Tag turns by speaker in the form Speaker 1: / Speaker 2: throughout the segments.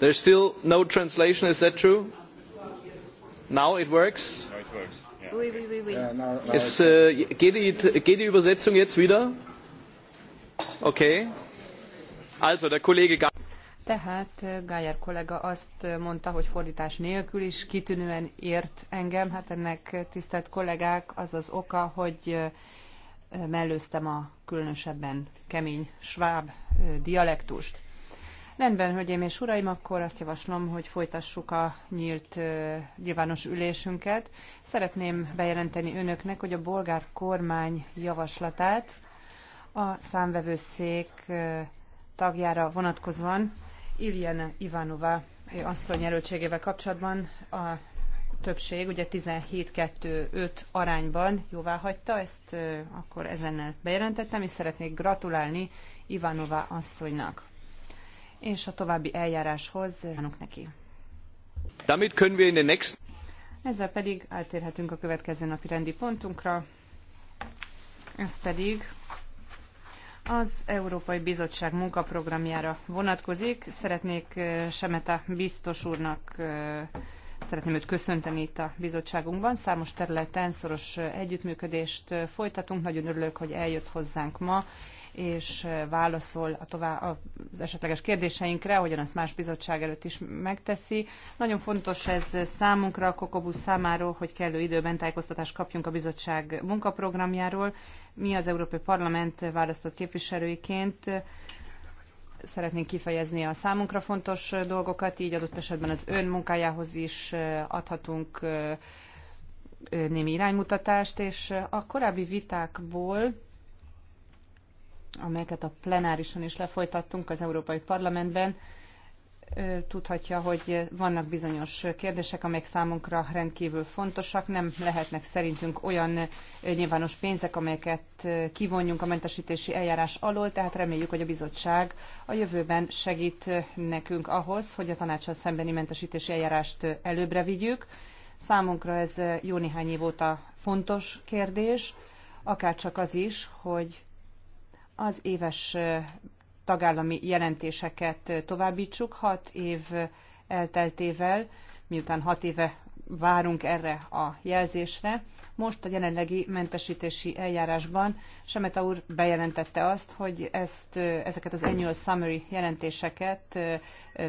Speaker 1: there is still no translation, is that true? Now it works? ist, uh, geht, die, geht die Übersetzung jetzt wieder? Okay. Also, der Kollege Ga
Speaker 2: tehát äh, Gájer kollega azt mondta, hogy fordítás nélkül is kitűnően ért engem. Hát ennek eh, tisztelt kollégák az az oka, hogy eh, mellőztem a különösebben kemény sváb eh, dialektust. Rendben, hölgyeim és uraim, akkor azt javaslom, hogy folytassuk a nyílt nyilvános ülésünket. Szeretném bejelenteni önöknek, hogy a bolgár kormány javaslatát a számvevőszék tagjára vonatkozóan Iljana Ivanova asszony jelöltségével kapcsolatban a többség, ugye 17-2-5 arányban jóvá hagyta, ezt akkor ezennel bejelentettem, és szeretnék gratulálni Ivanova asszonynak és a további eljáráshoz kívánok neki. Damit können wir in den next... Ezzel pedig átérhetünk a következő napi rendi pontunkra, ez pedig az Európai Bizottság munkaprogramjára vonatkozik. Szeretnék Semeta biztos úrnak Szeretném őt köszönteni itt a bizottságunkban. Számos területen szoros együttműködést folytatunk. Nagyon örülök, hogy eljött hozzánk ma, és válaszol a tovább, az esetleges kérdéseinkre, ahogyan azt más bizottság előtt is megteszi. Nagyon fontos ez számunkra, a Kokobusz számáról, hogy kellő időben tájékoztatást kapjunk a bizottság munkaprogramjáról. Mi az Európai Parlament választott képviselőiként szeretnénk kifejezni a számunkra fontos dolgokat, így adott esetben az ön munkájához is adhatunk némi iránymutatást, és a korábbi vitákból amelyeket a plenárison is lefolytattunk az Európai Parlamentben, tudhatja, hogy vannak bizonyos kérdések, amelyek számunkra rendkívül fontosak. Nem lehetnek szerintünk olyan nyilvános pénzek, amelyeket kivonjunk a mentesítési eljárás alól, tehát reméljük, hogy a bizottság a jövőben segít nekünk ahhoz, hogy a tanácssal szembeni mentesítési eljárást előbbre vigyük. Számunkra ez jó néhány év óta fontos kérdés, akárcsak az is, hogy az éves tagállami jelentéseket továbbítsuk hat év elteltével, miután hat éve várunk erre a jelzésre. Most a jelenlegi mentesítési eljárásban Semeta úr bejelentette azt, hogy ezt, ezeket az annual summary jelentéseket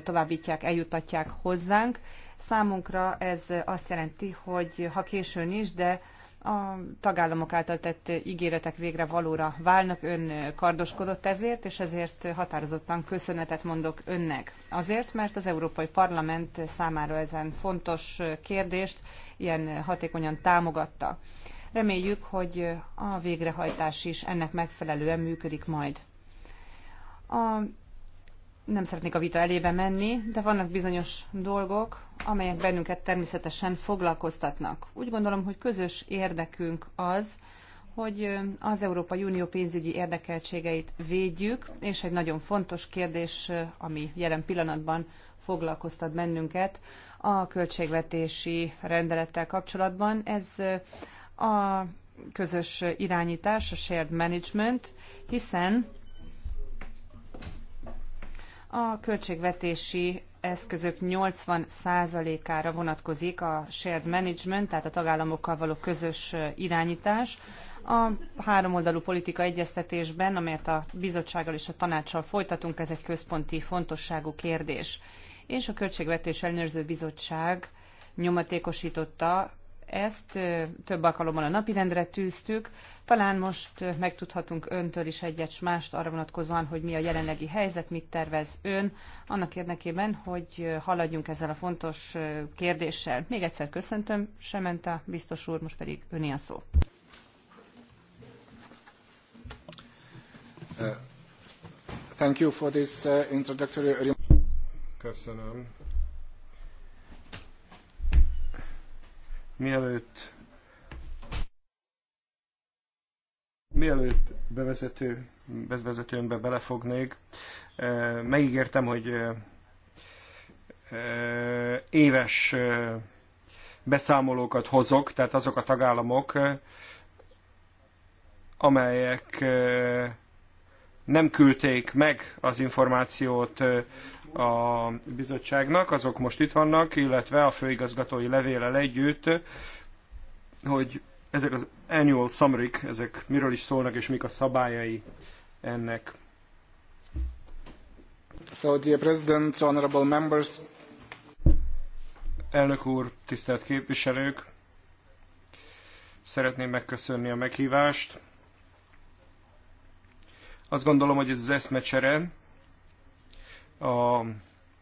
Speaker 2: továbbítják, eljutatják hozzánk. Számunkra ez azt jelenti, hogy ha későn is, de a tagállamok által tett ígéretek végre valóra válnak. Ön kardoskodott ezért, és ezért határozottan köszönetet mondok önnek. Azért, mert az Európai Parlament számára ezen fontos kérdést ilyen hatékonyan támogatta. Reméljük, hogy a végrehajtás is ennek megfelelően működik majd. A nem szeretnék a vita elébe menni, de vannak bizonyos dolgok, amelyek bennünket természetesen foglalkoztatnak. Úgy gondolom, hogy közös érdekünk az, hogy az Európai Unió pénzügyi érdekeltségeit védjük, és egy nagyon fontos kérdés, ami jelen pillanatban foglalkoztat bennünket a költségvetési rendelettel kapcsolatban. Ez a közös irányítás, a shared management, hiszen a költségvetési eszközök 80%-ára vonatkozik a shared management, tehát a tagállamokkal való közös irányítás. A háromoldalú politika egyeztetésben, amelyet a bizottsággal és a tanácssal folytatunk, ez egy központi fontosságú kérdés. És a Költségvetés Ellenőrző Bizottság nyomatékosította ezt több alkalommal a napirendre tűztük. Talán most megtudhatunk öntől is egyet mást arra vonatkozóan, hogy mi a jelenlegi helyzet, mit tervez ön, annak érdekében, hogy haladjunk ezzel a fontos kérdéssel. Még egyszer köszöntöm, Sementa biztos úr, most pedig öné a szó.
Speaker 1: Uh, thank you for this uh, introductory... Köszönöm Mielőtt Mielőtt bevezető, vezetőmbe belefognék, megígértem, hogy éves beszámolókat hozok, tehát azok a tagállamok, amelyek nem küldték meg az információt a bizottságnak, azok most itt vannak, illetve a főigazgatói levéllel együtt, hogy ezek az annual summary ezek miről is szólnak, és mik a szabályai ennek. So, dear President, honorable members. Elnök úr, tisztelt képviselők! Szeretném megköszönni a meghívást azt gondolom, hogy ez az eszmecsere a,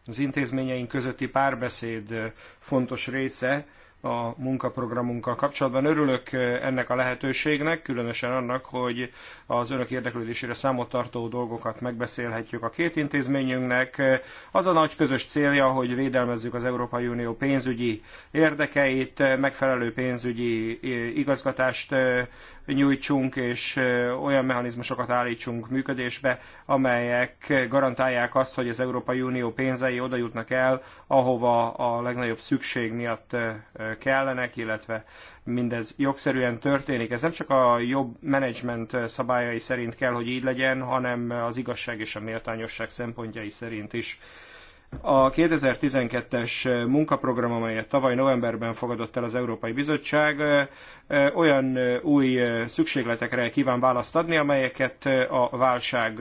Speaker 1: az intézményeink közötti párbeszéd fontos része, a munkaprogramunkkal kapcsolatban. Örülök eh, ennek a lehetőségnek, különösen annak, hogy az önök érdeklődésére számot tartó dolgokat megbeszélhetjük a két intézményünknek. Az a nagy közös célja, hogy védelmezzük az Európai Unió pénzügyi érdekeit, megfelelő pénzügyi eh, igazgatást eh, nyújtsunk, és olyan mechanizmusokat állítsunk működésbe, amelyek garantálják azt, hogy az Európai Unió pénzei oda jutnak el, ahova a legnagyobb szükség miatt kellenek, illetve mindez jogszerűen történik. Ez nem csak a jobb menedzsment szabályai szerint kell, hogy így legyen, hanem az igazság és a méltányosság szempontjai szerint is. A 2012-es munkaprogram, amelyet tavaly novemberben fogadott el az Európai Bizottság, olyan új szükségletekre kíván választ adni, amelyeket a válság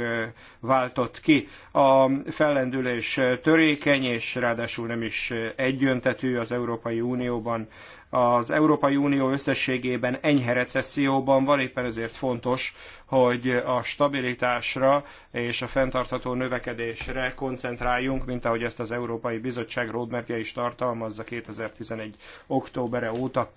Speaker 1: váltott ki. A fellendülés törékeny, és ráadásul nem is egyöntetű az Európai Unióban. Az Európai Unió összességében enyhe recesszióban van, éppen ezért fontos, hogy a stabilitásra és a fenntartható növekedésre koncentráljunk, mint ahogy ezt az Európai Bizottság roadmapja is tartalmazza 2011. októbere óta.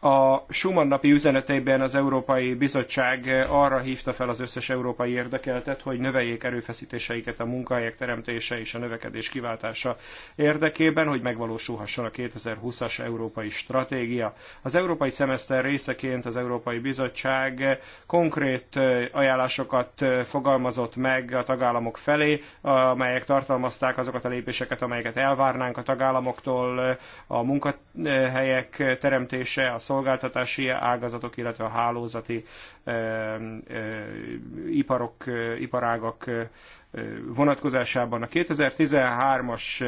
Speaker 1: A Schumann napi üzeneteiben az Európai Bizottság eh, arra hívta fel az összes európai érdekeltet, hogy növeljék erőfeszítéseiket a munkahelyek teremtése és a növekedés kiváltása érdekében, hogy megvalósulhasson a 2020-as európai stratégia. Az európai szemeszter részeként az Európai Bizottság eh, konkrét eh, ajánlásokat fogalmazott meg a tagállamok felé, amelyek tartalmazták azokat a lépéseket, amelyeket elvárnánk a tagállamoktól, a munkahelyek teremtése, a szolgáltatási ágazatok, illetve a hálózati eh, eh, iparok, eh, iparágak vonatkozásában. A 2013-as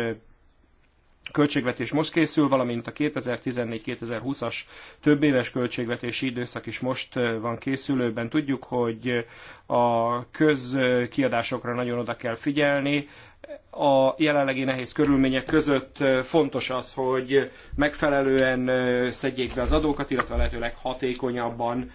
Speaker 1: költségvetés most készül, valamint a 2014-2020-as több éves költségvetési időszak is most van készülőben. Tudjuk, hogy a közkiadásokra nagyon oda kell figyelni. A jelenlegi nehéz körülmények között fontos az, hogy megfelelően szedjék be az adókat, illetve lehetőleg hatékonyabban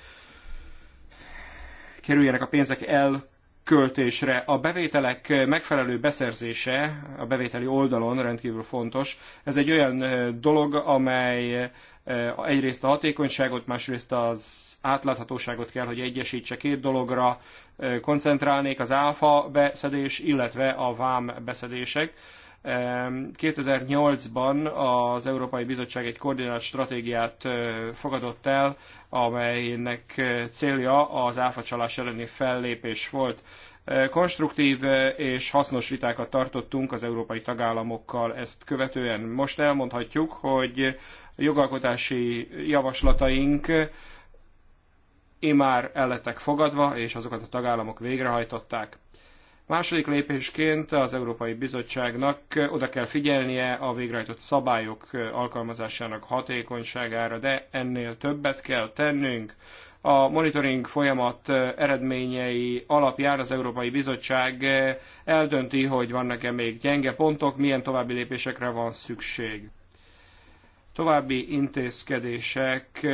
Speaker 1: kerüljenek a pénzek el költésre. A bevételek megfelelő beszerzése a bevételi oldalon rendkívül fontos. Ez egy olyan dolog, amely egyrészt a hatékonyságot, másrészt az átláthatóságot kell, hogy egyesítse. Két dologra koncentrálnék, az áfa beszedés, illetve a vám beszedések 2008-ban az Európai Bizottság egy koordinált stratégiát fogadott el, amelynek célja az áfacsalás elleni fellépés volt. Konstruktív és hasznos vitákat tartottunk az európai tagállamokkal ezt követően. Most elmondhatjuk, hogy jogalkotási javaslataink imár ellettek fogadva, és azokat a tagállamok végrehajtották. Második lépésként az Európai Bizottságnak eh, oda kell figyelnie a végrehajtott szabályok eh, alkalmazásának hatékonyságára, de ennél többet kell tennünk. A monitoring folyamat eh, eredményei alapján az Európai Bizottság eldönti, hogy vannak-e még gyenge pontok, milyen további lépésekre van szükség. További intézkedések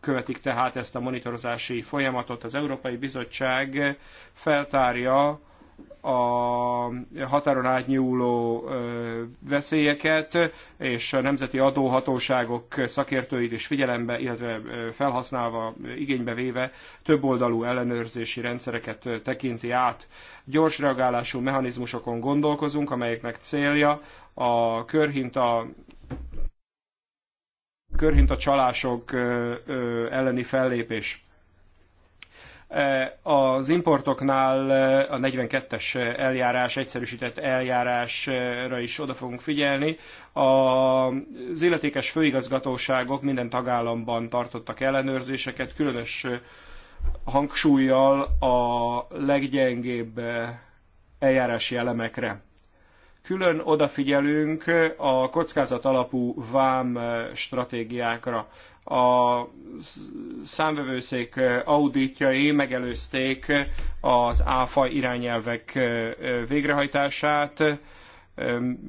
Speaker 1: követik tehát ezt a monitorozási folyamatot. Az Európai Bizottság feltárja, a határon átnyúló veszélyeket, és a nemzeti adóhatóságok szakértőit is figyelembe, illetve felhasználva, igénybe véve többoldalú ellenőrzési rendszereket tekinti át. Gyors reagálású mechanizmusokon gondolkozunk, amelyeknek célja a körhinta körhinta csalások elleni fellépés. Az importoknál eh, a 42-es eh, eljárás, egyszerűsített eljárásra is oda fogunk figyelni. Az illetékes főigazgatóságok minden tagállamban tartottak ellenőrzéseket, különös eh, hangsúlyjal a leggyengébb eljárási elemekre. Külön odafigyelünk a kockázat alapú vám stratégiákra a számvevőszék auditjai megelőzték az áfa irányelvek végrehajtását,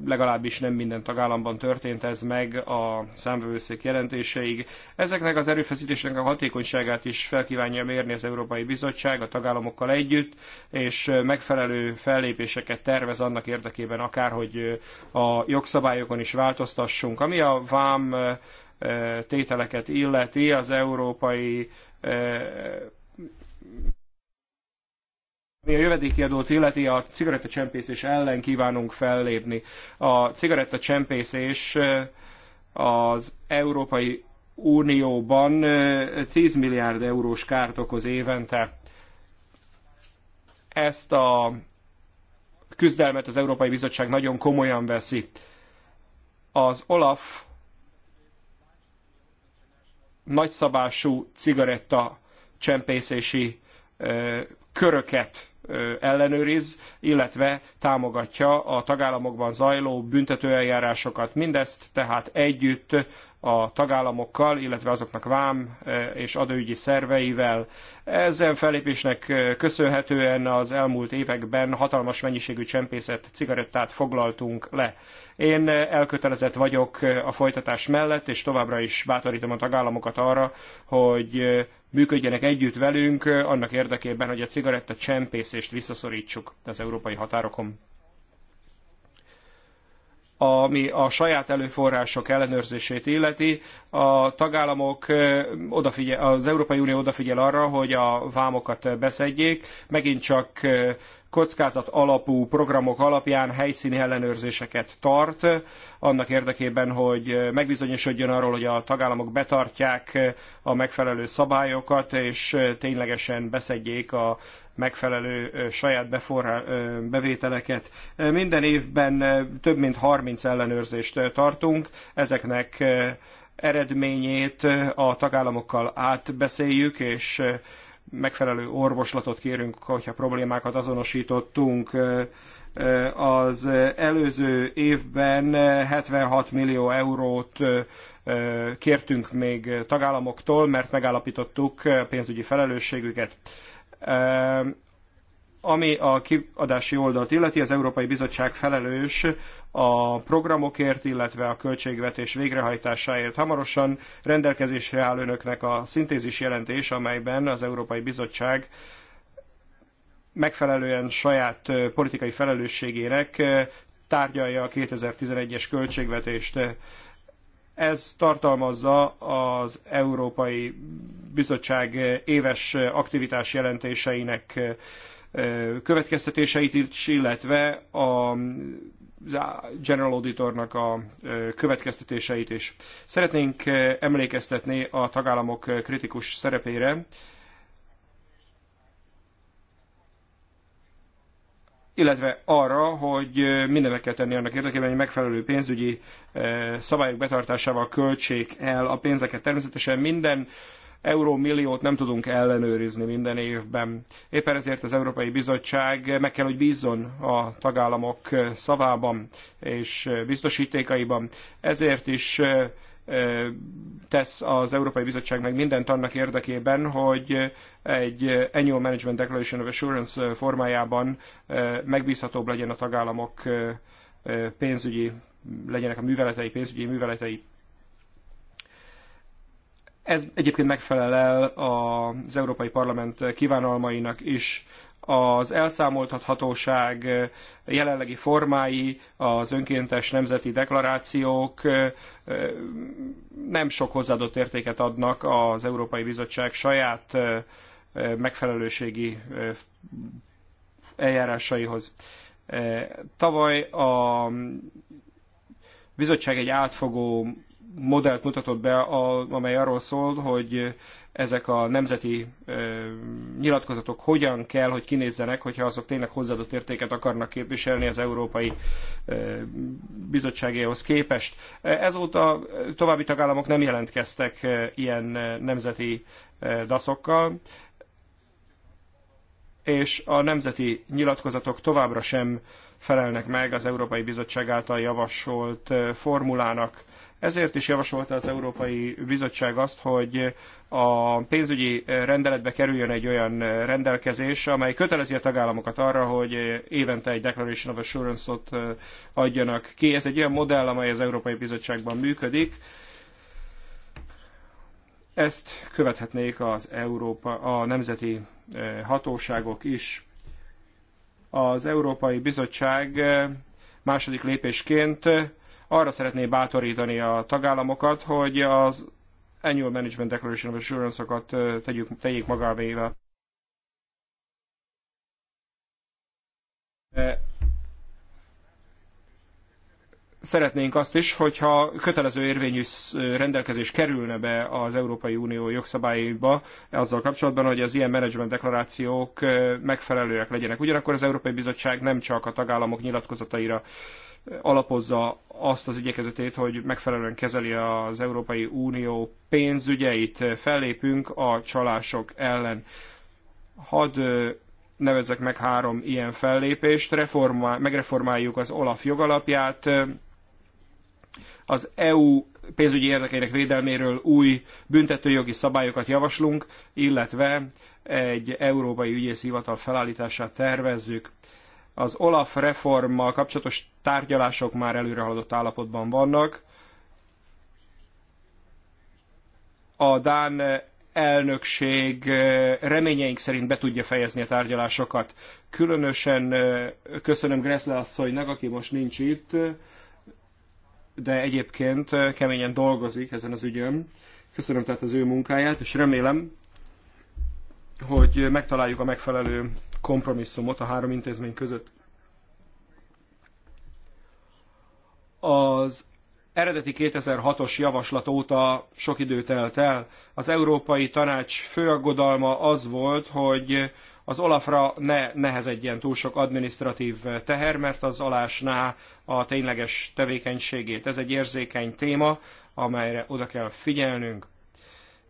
Speaker 1: legalábbis nem minden tagállamban történt ez meg a számvevőszék jelentéseig. Ezeknek az erőfeszítéseknek a hatékonyságát is felkívánja mérni az Európai Bizottság a tagállamokkal együtt, és megfelelő fellépéseket tervez annak érdekében akár, hogy a jogszabályokon is változtassunk. Ami a vám tételeket illeti, az európai ami a jövedéki adót illeti, a cigarettacsempészés ellen kívánunk fellépni. A cigarettacsempészés az Európai Unióban 10 milliárd eurós kárt okoz évente. Ezt a küzdelmet az Európai Bizottság nagyon komolyan veszi. Az Olaf nagyszabású cigaretta csempészési köröket ellenőriz, illetve támogatja a tagállamokban zajló büntetőeljárásokat. Mindezt tehát együtt a tagállamokkal, illetve azoknak vám e, és adóügyi szerveivel. Ezen felépésnek e, köszönhetően az elmúlt években hatalmas mennyiségű csempészet cigarettát foglaltunk le. Én elkötelezett vagyok e, a folytatás mellett, és továbbra is bátorítom a tagállamokat arra, hogy működjenek együtt velünk annak érdekében, hogy a cigaretta csempészést visszaszorítsuk az európai határokon ami a saját előforrások ellenőrzését illeti, a tagállamok odafigyel, az Európai Unió odafigyel arra, hogy a vámokat beszedjék, megint csak kockázat alapú programok alapján helyszíni ellenőrzéseket tart, annak érdekében, hogy megbizonyosodjon arról, hogy a tagállamok betartják a megfelelő szabályokat, és ténylegesen beszedjék a megfelelő saját beforra, bevételeket. Minden évben több mint 30 ellenőrzést tartunk, ezeknek eredményét a tagállamokkal átbeszéljük, és megfelelő orvoslatot kérünk, hogyha problémákat azonosítottunk. Az előző évben 76 millió eurót kértünk még tagállamoktól, mert megállapítottuk pénzügyi felelősségüket. Ami a kiadási oldalt illeti, az Európai Bizottság felelős a programokért, illetve a költségvetés végrehajtásáért. Hamarosan rendelkezésre áll önöknek a szintézis jelentés, amelyben az Európai Bizottság megfelelően saját politikai felelősségének tárgyalja a 2011-es költségvetést. Ez tartalmazza az Európai Bizottság éves aktivitás jelentéseinek következtetéseit is, illetve a General Auditornak a következtetéseit is. Szeretnénk emlékeztetni a tagállamok kritikus szerepére, illetve arra, hogy mindenek kell tenni annak érdekében, hogy megfelelő pénzügyi szabályok betartásával költsék el a pénzeket. Természetesen minden eurómilliót nem tudunk ellenőrizni minden évben. Éppen ezért az Európai Bizottság meg kell, hogy bízzon a tagállamok szavában és biztosítékaiban. Ezért is tesz az Európai Bizottság meg mindent annak érdekében, hogy egy Annual Management Declaration of Assurance formájában megbízhatóbb legyen a tagállamok pénzügyi, legyenek a műveletei, pénzügyi műveletei. Ez egyébként megfelel el az Európai Parlament kívánalmainak is. Az elszámoltathatóság jelenlegi formái, az önkéntes nemzeti deklarációk nem sok hozzáadott értéket adnak az Európai Bizottság saját megfelelőségi eljárásaihoz. Tavaly a bizottság egy átfogó modellt mutatott be, a, amely arról szól, hogy ezek a nemzeti ö, nyilatkozatok hogyan kell, hogy kinézzenek, hogyha azok tényleg hozzáadott értéket akarnak képviselni az Európai ö, Bizottságéhoz képest. Ezóta további tagállamok nem jelentkeztek ilyen nemzeti ö, daszokkal, és a nemzeti nyilatkozatok továbbra sem felelnek meg az Európai Bizottság által javasolt formulának ezért is javasolta az Európai Bizottság azt, hogy a pénzügyi rendeletbe kerüljön egy olyan rendelkezés, amely kötelezi a tagállamokat arra, hogy évente egy Declaration of Assurance-ot adjanak ki. Ez egy olyan modell, amely az Európai Bizottságban működik. Ezt követhetnék az Európa, a nemzeti hatóságok is. Az Európai Bizottság második lépésként arra szeretné bátorítani a tagállamokat, hogy az Annual Management Declaration of Assurance-okat tegyék magávével. szeretnénk azt is, hogyha kötelező érvényű rendelkezés kerülne be az Európai Unió jogszabályaiba azzal kapcsolatban, hogy az ilyen menedzsment deklarációk megfelelőek legyenek. Ugyanakkor az Európai Bizottság nem csak a tagállamok nyilatkozataira alapozza azt az igyekezetét, hogy megfelelően kezeli az Európai Unió pénzügyeit, fellépünk a csalások ellen. Hadd nevezek meg három ilyen fellépést, Reformál, megreformáljuk az OLAF jogalapját, az EU pénzügyi érdekeinek védelméről új büntetőjogi szabályokat javaslunk, illetve egy európai ügyész hivatal felállítását tervezzük. Az OLAF reformmal kapcsolatos tárgyalások már előrehaladott állapotban vannak. A Dán elnökség eh, reményeink szerint be tudja fejezni a tárgyalásokat. Különösen eh, köszönöm Greszle asszonynak, aki most nincs itt, de egyébként keményen dolgozik ezen az ügyön. Köszönöm tehát az ő munkáját, és remélem, hogy megtaláljuk a megfelelő kompromisszumot a három intézmény között. Az eredeti 2006-os javaslat óta sok idő telt el. Az Európai Tanács főaggodalma az volt, hogy az Olafra ne nehezedjen túl sok administratív teher, mert az alásná a tényleges tevékenységét. Ez egy érzékeny téma, amelyre oda kell figyelnünk.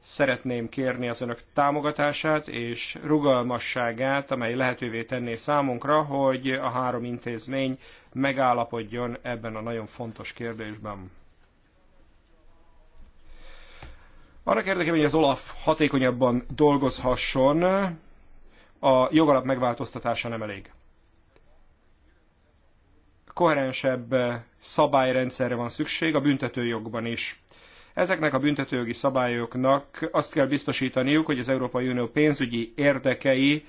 Speaker 1: Szeretném kérni az önök támogatását és rugalmasságát, amely lehetővé tenné számunkra, hogy a három intézmény megállapodjon ebben a nagyon fontos kérdésben. Arra érdekében, hogy az OLAF hatékonyabban dolgozhasson, a jogalap megváltoztatása nem elég koherensebb eh, szabályrendszerre van szükség a büntetőjogban is. Ezeknek a büntetőjogi szabályoknak azt kell biztosítaniuk, hogy az Európai Unió pénzügyi érdekei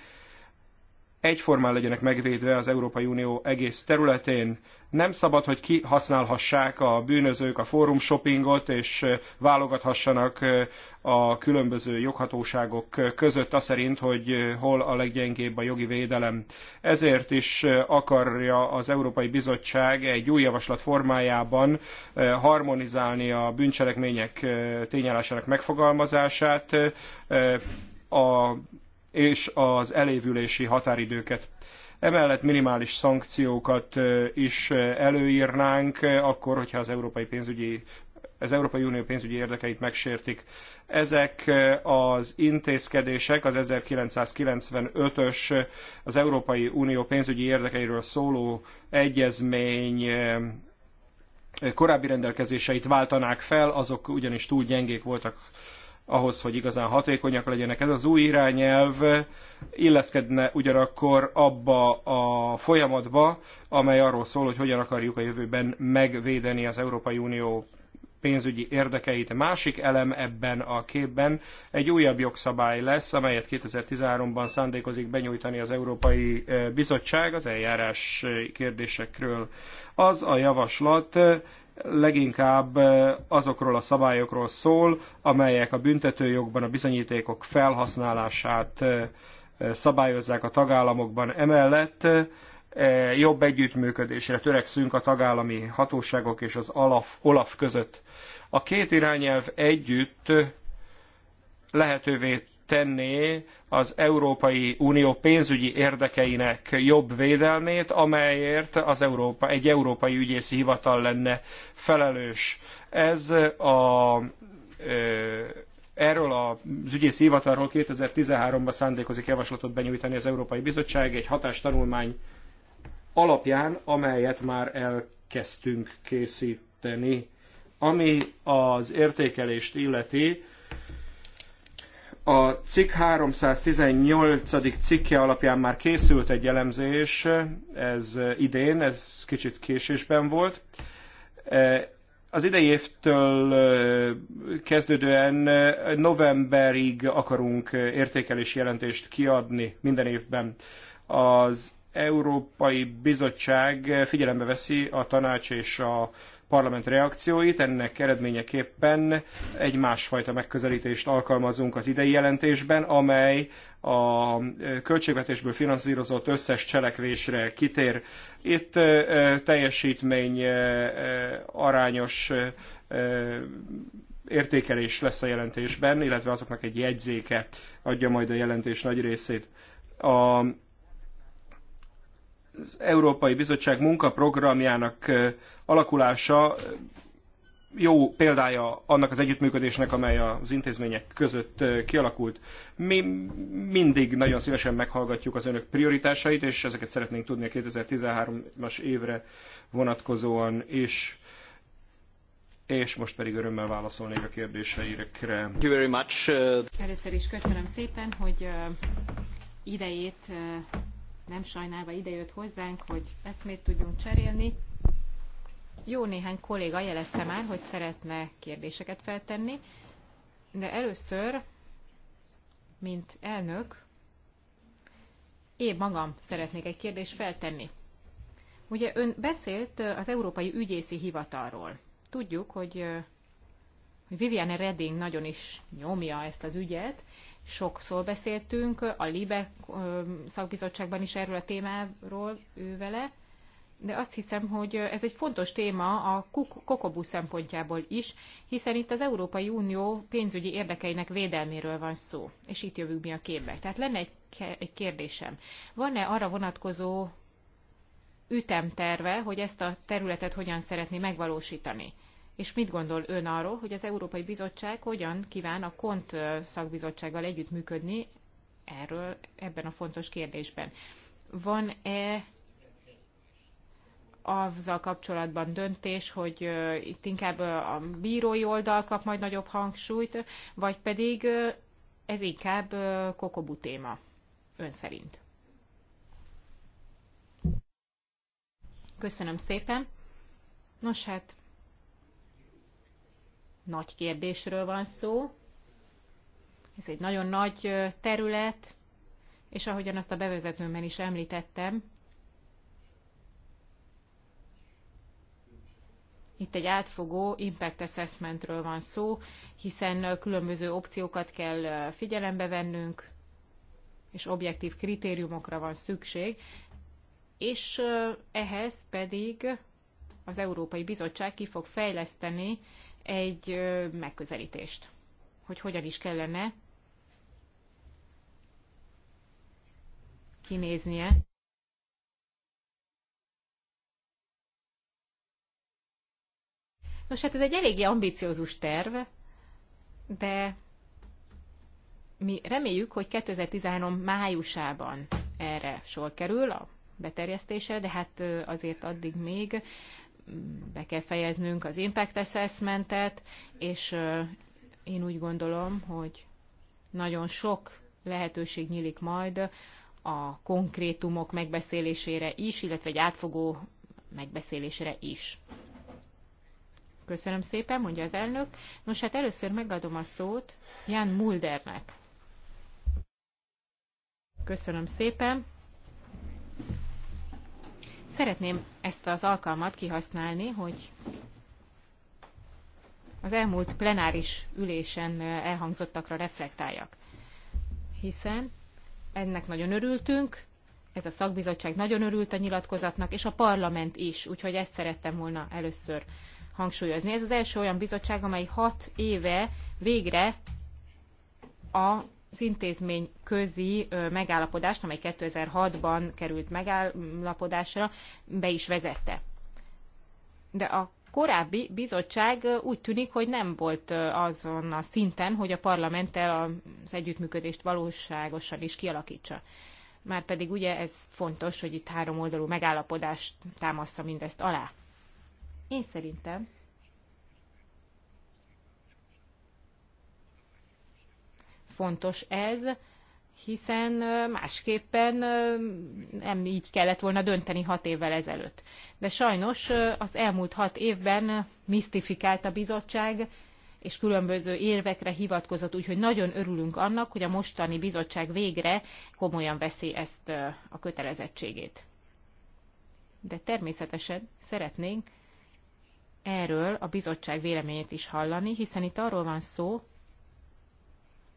Speaker 1: egyformán legyenek megvédve az Európai Unió egész területén. Nem szabad, hogy kihasználhassák a bűnözők a fórum shoppingot, és válogathassanak a különböző joghatóságok között, aszerint, hogy hol a leggyengébb a jogi védelem. Ezért is akarja az Európai Bizottság egy új javaslat formájában harmonizálni a bűncselekmények tényállásának megfogalmazását, a és az elévülési határidőket. Emellett minimális szankciókat is előírnánk, akkor, hogyha az európai pénzügyi az Európai Unió pénzügyi érdekeit megsértik. Ezek az intézkedések az 1995-ös az Európai Unió pénzügyi érdekeiről szóló egyezmény korábbi rendelkezéseit váltanák fel, azok ugyanis túl gyengék voltak ahhoz, hogy igazán hatékonyak legyenek. Ez az új irányelv illeszkedne ugyanakkor abba a folyamatba, amely arról szól, hogy hogyan akarjuk a jövőben megvédeni az Európai Unió pénzügyi érdekeit. Másik elem ebben a képben egy újabb jogszabály lesz, amelyet 2013-ban szándékozik benyújtani az Európai eh, Bizottság az eljárás eh, kérdésekről. Az a javaslat leginkább eh, azokról a szabályokról szól, amelyek a büntetőjogban a bizonyítékok felhasználását eh, eh, szabályozzák a tagállamokban. Emellett jobb együttműködésre törekszünk a tagállami hatóságok és az OLAF között. A két irányelv együtt lehetővé tenné az Európai Unió pénzügyi érdekeinek jobb védelmét, amelyért az Európa, egy európai ügyészi hivatal lenne felelős. Ez a Erről az ügyészi hivatalról 2013-ban szándékozik javaslatot benyújtani az Európai Bizottság egy hatástanulmány alapján, amelyet már elkezdtünk készíteni. Ami az értékelést illeti, a cikk 318. cikke alapján már készült egy elemzés, ez idén, ez kicsit késésben volt. E, az idei évtől e, kezdődően e, novemberig akarunk értékelési jelentést kiadni minden évben. Az Európai Bizottság figyelembe veszi a tanács és a parlament reakcióit. Ennek eredményeképpen egy másfajta megközelítést alkalmazunk az idei jelentésben, amely a költségvetésből finanszírozott összes cselekvésre kitér. Itt teljesítmény arányos értékelés lesz a jelentésben, illetve azoknak egy jegyzéke adja majd a jelentés nagy részét. A, az Európai Bizottság munkaprogramjának alakulása jó példája annak az együttműködésnek, amely az intézmények között kialakult. Mi mindig nagyon szívesen meghallgatjuk az önök prioritásait, és ezeket szeretnénk tudni a 2013-as évre vonatkozóan is. És most pedig örömmel válaszolnék a kérdéseirekre. Thank you very much. Uh,
Speaker 3: Először is köszönöm szépen, hogy idejét nem sajnálva idejött hozzánk, hogy eszmét tudjunk cserélni. Jó néhány kolléga jelezte már, hogy szeretne kérdéseket feltenni, de először, mint elnök, én magam szeretnék egy kérdést feltenni. Ugye ön beszélt az Európai Ügyészi Hivatalról. Tudjuk, hogy, hogy Viviane Redding nagyon is nyomja ezt az ügyet. Sokszor beszéltünk, a LIBE szakbizottságban is erről a témáról ő vele de azt hiszem, hogy ez egy fontos téma a kokobú szempontjából is, hiszen itt az Európai Unió pénzügyi érdekeinek védelméről van szó, és itt jövünk mi a képbe. Tehát lenne egy, egy kérdésem. Van-e arra vonatkozó ütemterve, hogy ezt a területet hogyan szeretné megvalósítani? És mit gondol ön arról, hogy az Európai Bizottság hogyan kíván a KONT szakbizottsággal együttműködni erről, ebben a fontos kérdésben? Van-e azzal kapcsolatban döntés, hogy itt inkább a bírói oldal kap majd nagyobb hangsúlyt, vagy pedig ez inkább kokobú téma ön szerint. Köszönöm szépen. Nos hát, nagy kérdésről van szó. Ez egy nagyon nagy terület, és ahogyan azt a bevezetőmben is említettem, Itt egy átfogó impact assessmentről van szó, hiszen különböző opciókat kell figyelembe vennünk, és objektív kritériumokra van szükség, és ehhez pedig az Európai Bizottság ki fog fejleszteni egy megközelítést, hogy hogyan is kellene kinéznie Nos, hát ez egy eléggé ambiciózus terv, de mi reméljük, hogy 2013 májusában erre sor kerül a beterjesztése, de hát azért addig még mm, be kell fejeznünk az impact assessmentet, és én úgy gondolom, hogy nagyon sok lehetőség nyílik majd a konkrétumok megbeszélésére is, illetve egy átfogó megbeszélésre is. Köszönöm szépen, mondja az elnök. Nos, hát először megadom a szót Jan Muldernek. Köszönöm szépen. Szeretném ezt az alkalmat kihasználni, hogy az elmúlt plenáris ülésen elhangzottakra reflektáljak. Hiszen ennek nagyon örültünk, ez a szakbizottság nagyon örült a nyilatkozatnak, és a parlament is, úgyhogy ezt szerettem volna először hangsúlyozni. Ez az első olyan bizottság, amely hat éve végre az intézmény közi megállapodást, amely 2006-ban került megállapodásra, be is vezette. De a korábbi bizottság úgy tűnik, hogy nem volt azon a szinten, hogy a parlamenttel az együttműködést valóságosan is kialakítsa. Márpedig ugye ez fontos, hogy itt három oldalú megállapodást támaszza mindezt alá. Én szerintem fontos ez, hiszen másképpen nem így kellett volna dönteni hat évvel ezelőtt. De sajnos az elmúlt hat évben misztifikált a bizottság, és különböző érvekre hivatkozott, úgyhogy nagyon örülünk annak, hogy a mostani bizottság végre komolyan veszi ezt a kötelezettségét. De természetesen szeretnénk erről a bizottság véleményét is hallani, hiszen itt arról van szó,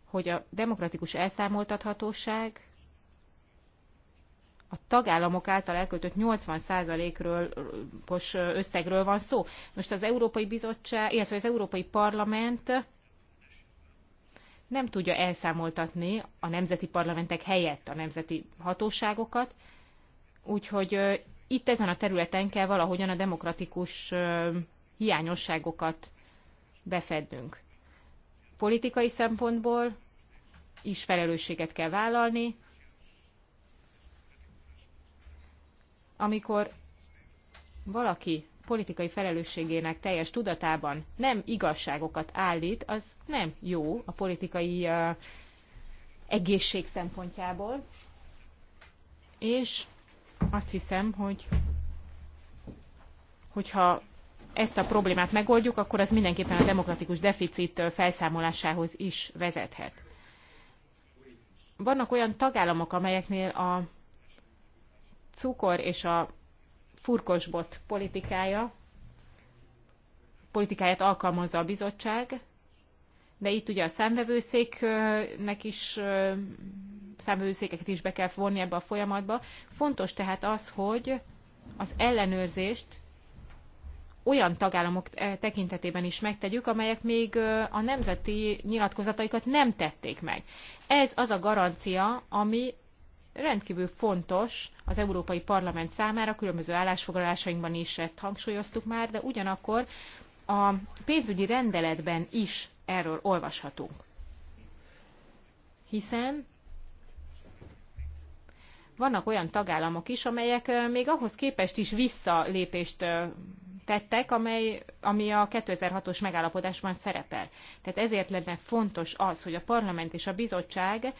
Speaker 3: hogy a demokratikus elszámoltathatóság a tagállamok által elköltött 80%-os összegről van szó. Most az Európai Bizottság, illetve az Európai Parlament nem tudja elszámoltatni a nemzeti parlamentek helyett a nemzeti hatóságokat, úgyhogy itt ezen a területen kell valahogyan a demokratikus hiányosságokat befednünk. Politikai szempontból is felelősséget kell vállalni, amikor valaki politikai felelősségének teljes tudatában nem igazságokat állít, az nem jó a politikai uh, egészség szempontjából. És azt hiszem, hogy hogyha ezt a problémát megoldjuk, akkor az mindenképpen a demokratikus deficit felszámolásához is vezethet. Vannak olyan tagállamok, amelyeknél a cukor és a furkosbot politikája, politikáját alkalmazza a bizottság, de itt ugye a számvevőszéknek is, számvevőszékeket is be kell vonni ebbe a folyamatba. Fontos tehát az, hogy az ellenőrzést olyan tagállamok eh, tekintetében is megtegyük, amelyek még a nemzeti nyilatkozataikat nem tették meg. Ez az a garancia, ami rendkívül fontos az Európai Parlament számára, különböző állásfoglalásainkban is ezt hangsúlyoztuk már, de ugyanakkor a pénzügyi rendeletben is erről olvashatunk. Hiszen vannak olyan tagállamok is, amelyek még ahhoz képest is visszalépést tettek, amely, ami a 2006-os megállapodásban szerepel. Tehát ezért lenne fontos az, hogy a parlament és a bizottság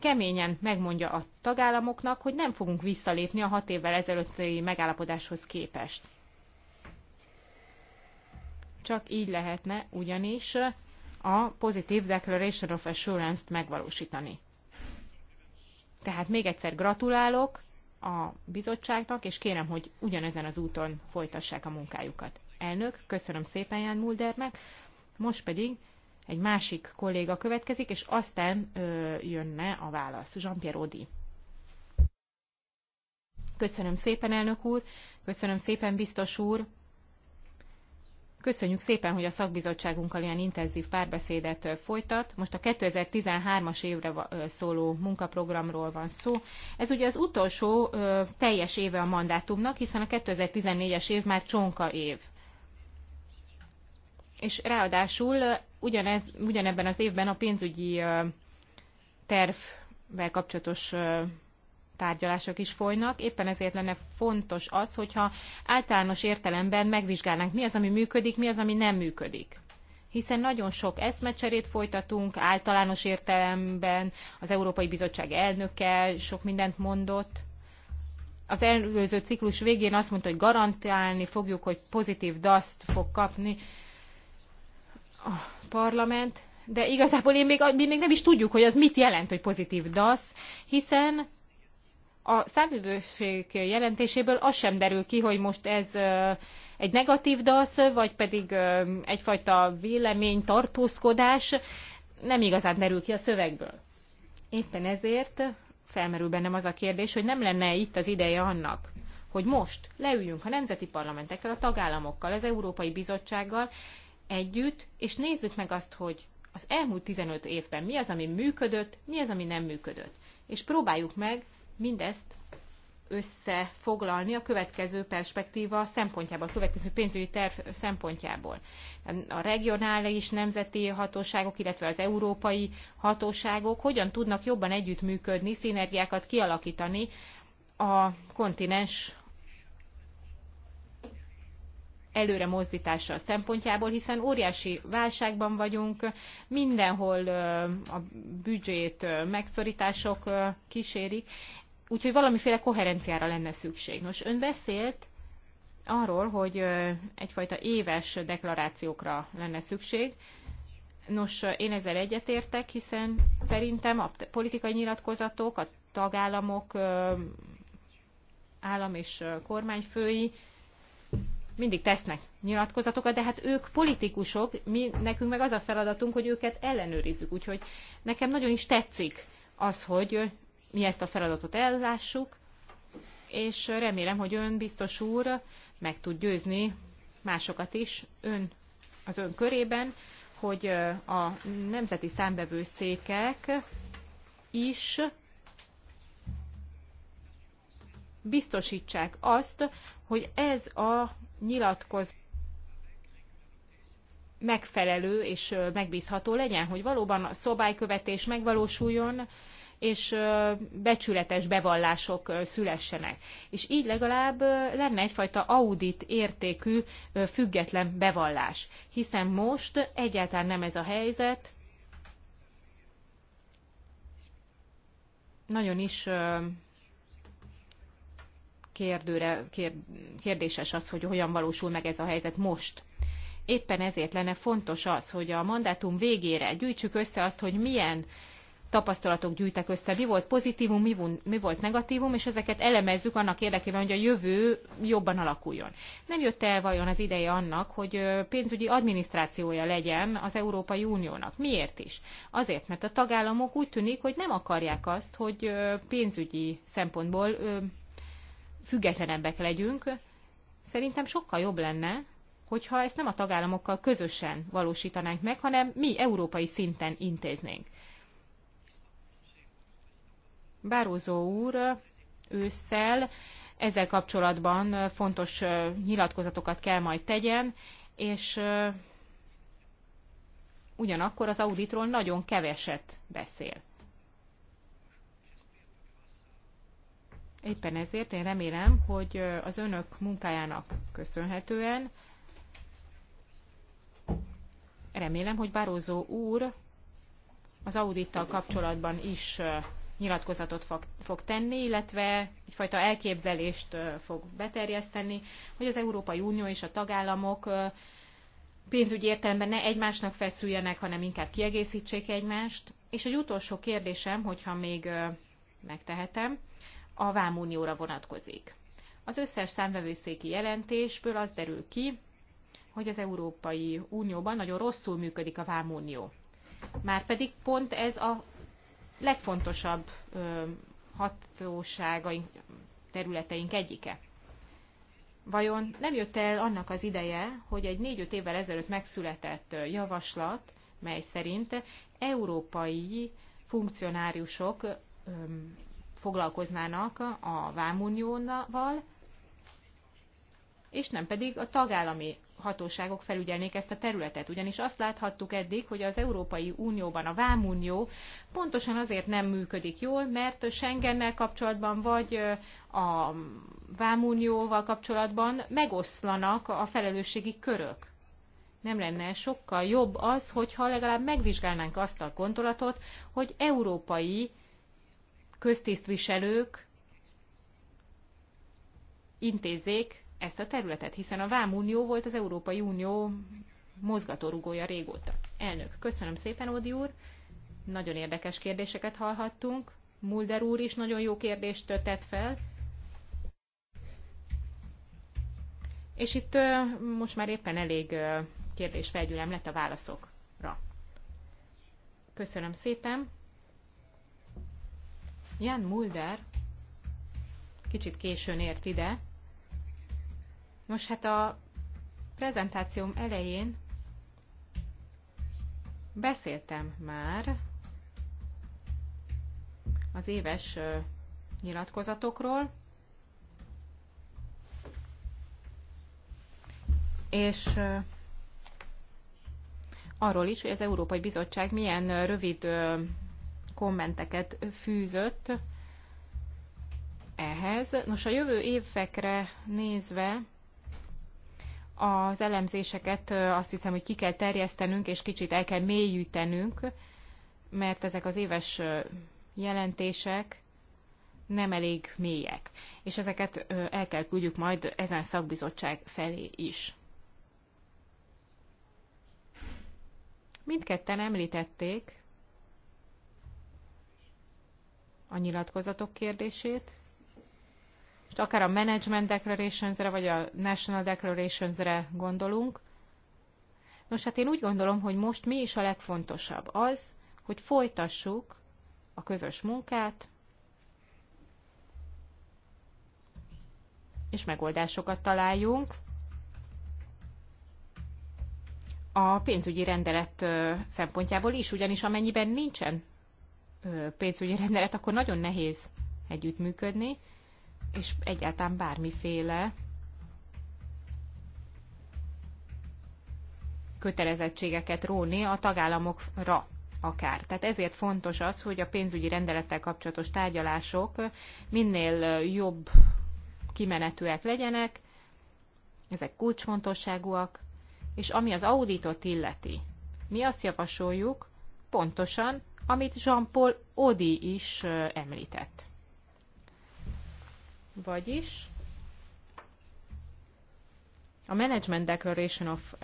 Speaker 3: keményen megmondja a tagállamoknak, hogy nem fogunk visszalépni a hat évvel ezelőtti megállapodáshoz képest. Csak így lehetne ugyanis a Positive Declaration of Assurance-t megvalósítani. Tehát még egyszer gratulálok a bizottságnak, és kérem, hogy ugyanezen az úton folytassák a munkájukat. Elnök, köszönöm szépen Ján Muldernek, most pedig egy másik kolléga következik, és aztán ö, jönne a válasz. Jean-Pierre Audi. Köszönöm szépen, elnök úr, köszönöm szépen, biztos úr, Köszönjük szépen, hogy a szakbizottságunkkal ilyen intenzív párbeszédet folytat. Most a 2013-as évre szóló munkaprogramról van szó. Ez ugye az utolsó teljes éve a mandátumnak, hiszen a 2014-es év már csonka év. És ráadásul ugyanez, ugyanebben az évben a pénzügyi tervvel kapcsolatos tárgyalások is folynak, éppen ezért lenne fontos az, hogyha általános értelemben megvizsgálnánk, mi az, ami működik, mi az, ami nem működik hiszen nagyon sok eszmecserét folytatunk általános értelemben, az Európai Bizottság elnöke sok mindent mondott. Az előző ciklus végén azt mondta, hogy garantálni fogjuk, hogy pozitív daszt fog kapni a parlament, de igazából én még, mi még nem is tudjuk, hogy az mit jelent, hogy pozitív DASZ, hiszen a számvevőség jelentéséből az sem derül ki, hogy most ez egy negatív dasz, vagy pedig egyfajta vélemény, tartózkodás nem igazán derül ki a szövegből. Éppen ezért felmerül bennem az a kérdés, hogy nem lenne itt az ideje annak, hogy most leüljünk a nemzeti parlamentekkel, a tagállamokkal, az Európai Bizottsággal együtt, és nézzük meg azt, hogy az elmúlt 15 évben mi az, ami működött, mi az, ami nem működött. És próbáljuk meg mindezt összefoglalni a következő perspektíva szempontjából, a következő pénzügyi terv szempontjából. A regionális nemzeti hatóságok, illetve az európai hatóságok hogyan tudnak jobban együttműködni, szinergiákat kialakítani a kontinens előre mozdítása szempontjából, hiszen óriási válságban vagyunk, mindenhol a büdzsét megszorítások kísérik, Úgyhogy valamiféle koherenciára lenne szükség. Nos, ön beszélt arról, hogy egyfajta éves deklarációkra lenne szükség. Nos, én ezzel egyetértek, hiszen szerintem a politikai nyilatkozatok, a tagállamok állam és kormányfői mindig tesznek nyilatkozatokat, de hát ők politikusok, mi, nekünk meg az a feladatunk, hogy őket ellenőrizzük. Úgyhogy nekem nagyon is tetszik az, hogy mi ezt a feladatot ellássuk, és remélem, hogy ön biztos úr meg tud győzni másokat is ön, az ön körében, hogy a nemzeti számbevőszékek is biztosítsák azt, hogy ez a nyilatkoz megfelelő és megbízható legyen, hogy valóban a szobálykövetés megvalósuljon, és becsületes bevallások szülessenek. És így legalább lenne egyfajta audit értékű független bevallás. Hiszen most egyáltalán nem ez a helyzet, nagyon is kérdőre, kér, kérdéses az, hogy hogyan valósul meg ez a helyzet most. Éppen ezért lenne fontos az, hogy a mandátum végére gyűjtsük össze azt, hogy milyen tapasztalatok gyűjtek össze, mi volt pozitívum, mi, mi volt negatívum, és ezeket elemezzük annak érdekében, hogy a jövő jobban alakuljon. Nem jött el vajon az ideje annak, hogy pénzügyi adminisztrációja legyen az Európai Uniónak. Miért is? Azért, mert a tagállamok úgy tűnik, hogy nem akarják azt, hogy pénzügyi szempontból függetlenebbek legyünk. Szerintem sokkal jobb lenne, hogyha ezt nem a tagállamokkal közösen valósítanánk meg, hanem mi európai szinten intéznénk. Bárózó úr ősszel ezzel kapcsolatban fontos nyilatkozatokat kell majd tegyen, és ugyanakkor az auditról nagyon keveset beszél. Éppen ezért én remélem, hogy az önök munkájának köszönhetően remélem, hogy Bárózó úr az audittal kapcsolatban is nyilatkozatot fog, fog tenni, illetve egyfajta elképzelést fog beterjeszteni, hogy az Európai Unió és a tagállamok pénzügyi értelemben ne egymásnak feszüljenek, hanem inkább kiegészítsék egymást. És egy utolsó kérdésem, hogyha még megtehetem, a Vámunióra vonatkozik. Az összes számvevőszéki jelentésből az derül ki, hogy az Európai Unióban nagyon rosszul működik a Vámunió. Márpedig pont ez a legfontosabb hatóságaink, területeink egyike. Vajon nem jött el annak az ideje, hogy egy 4-5 évvel ezelőtt megszületett javaslat, mely szerint európai funkcionáriusok foglalkoznának a vámunióval, és nem pedig a tagállami hatóságok felügyelnék ezt a területet. Ugyanis azt láthattuk eddig, hogy az Európai Unióban a Vámunió pontosan azért nem működik jól, mert Schengennel kapcsolatban vagy a Vámunióval kapcsolatban megoszlanak a felelősségi körök. Nem lenne sokkal jobb az, hogyha legalább megvizsgálnánk azt a gondolatot, hogy európai köztisztviselők intézzék ezt a területet, hiszen a Vámunió volt az Európai Unió mozgatórugója régóta. Elnök, köszönöm szépen, Odi úr. Nagyon érdekes kérdéseket hallhattunk. Mulder úr is nagyon jó kérdést tett fel. És itt most már éppen elég felgyűlöm lett a válaszokra. Köszönöm szépen. Jan Mulder kicsit későn ért ide, most hát a prezentációm elején beszéltem már az éves nyilatkozatokról, és arról is, hogy az Európai Bizottság milyen rövid kommenteket fűzött ehhez. Nos, a jövő évekre nézve az elemzéseket azt hiszem, hogy ki kell terjesztenünk, és kicsit el kell mélyítenünk, mert ezek az éves jelentések nem elég mélyek, és ezeket el kell küldjük majd ezen szakbizottság felé is. Mindketten említették a nyilatkozatok kérdését, most akár a Management Declarations-re, vagy a National Declarations-re gondolunk. Nos, hát én úgy gondolom, hogy most mi is a legfontosabb? Az, hogy folytassuk a közös munkát, és megoldásokat találjunk a pénzügyi rendelet szempontjából is, ugyanis amennyiben nincsen pénzügyi rendelet, akkor nagyon nehéz együttműködni, és egyáltalán bármiféle kötelezettségeket róni a tagállamokra akár. Tehát ezért fontos az, hogy a pénzügyi rendelettel kapcsolatos tárgyalások minél jobb kimenetűek legyenek, ezek kulcsfontosságúak, és ami az auditot illeti, mi azt javasoljuk pontosan, amit Jean-Paul Odi is említett. Vagyis a Management Declaration of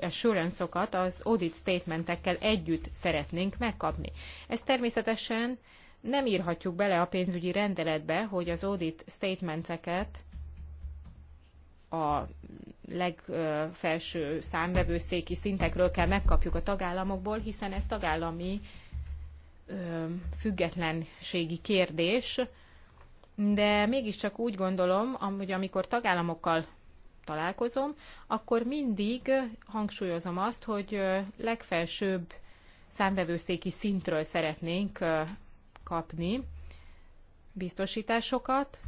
Speaker 3: Assurance-okat az audit statementekkel együtt szeretnénk megkapni. Ez természetesen nem írhatjuk bele a pénzügyi rendeletbe, hogy az audit statementeket a legfelső számvevőszéki szintekről kell megkapjuk a tagállamokból, hiszen ez tagállami függetlenségi kérdés, de mégiscsak úgy gondolom, hogy amikor tagállamokkal találkozom, akkor mindig hangsúlyozom azt, hogy legfelsőbb számvevőszéki szintről szeretnénk kapni biztosításokat,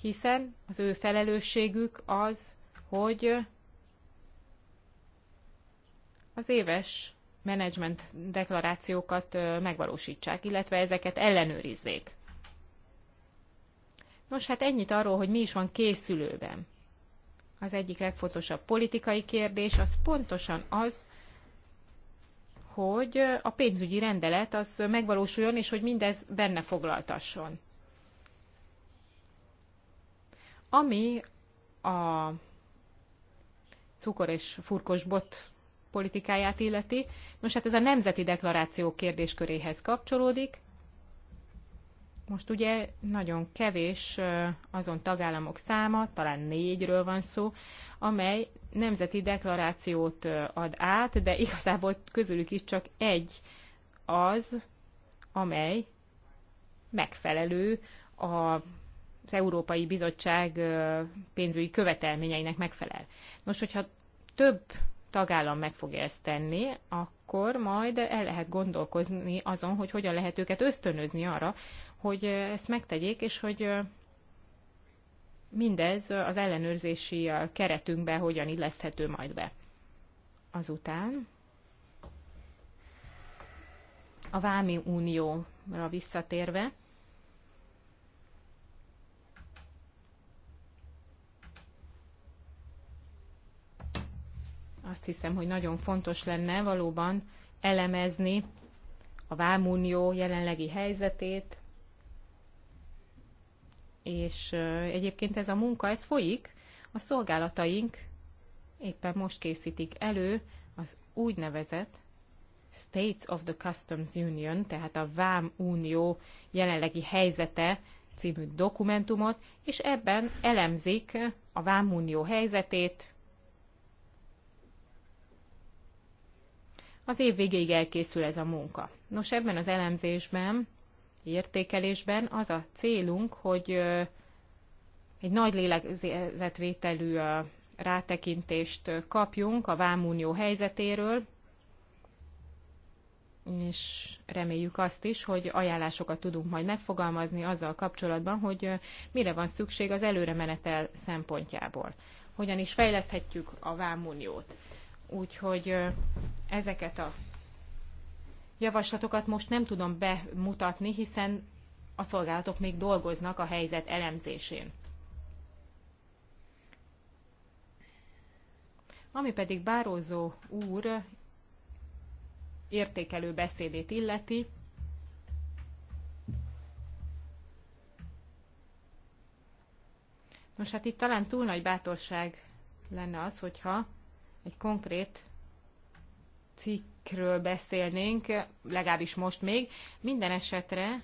Speaker 3: hiszen az ő felelősségük az, hogy az éves menedzsment deklarációkat megvalósítsák, illetve ezeket ellenőrizzék. Nos, hát ennyit arról, hogy mi is van készülőben. Az egyik legfontosabb politikai kérdés az pontosan az, hogy a pénzügyi rendelet az megvalósuljon, és hogy mindez benne foglaltasson. Ami a cukor és furkos bot politikáját illeti, nos hát ez a nemzeti deklaráció kérdésköréhez kapcsolódik, most ugye nagyon kevés azon tagállamok száma, talán négyről van szó, amely nemzeti deklarációt ad át, de igazából közülük is csak egy az, amely megfelelő a az Európai Bizottság pénzügyi követelményeinek megfelel. Nos, hogyha több tagállam meg fogja ezt tenni, akkor majd el lehet gondolkozni azon, hogy hogyan lehet őket ösztönözni arra, hogy ezt megtegyék, és hogy mindez az ellenőrzési keretünkbe hogyan illeszthető majd be. Azután a Vámi Unióra visszatérve, azt hiszem, hogy nagyon fontos lenne valóban elemezni a Vámunió jelenlegi helyzetét, és egyébként ez a munka, ez folyik. A szolgálataink éppen most készítik elő az úgynevezett States of the Customs Union, tehát a Vám Unió jelenlegi helyzete című dokumentumot, és ebben elemzik a Vám Unió helyzetét. Az év végéig elkészül ez a munka. Nos, ebben az elemzésben értékelésben az a célunk, hogy egy nagy lélegzetvételű rátekintést kapjunk a Vámunió helyzetéről, és reméljük azt is, hogy ajánlásokat tudunk majd megfogalmazni azzal kapcsolatban, hogy mire van szükség az előre menetel szempontjából. Hogyan is fejleszthetjük a vámuniót. Úgyhogy ezeket a javaslatokat most nem tudom bemutatni, hiszen a szolgálatok még dolgoznak a helyzet elemzésén. Ami pedig Bározó úr értékelő beszédét illeti, Nos, hát itt talán túl nagy bátorság lenne az, hogyha egy konkrét cikk évekről beszélnénk, legalábbis most még. Minden esetre,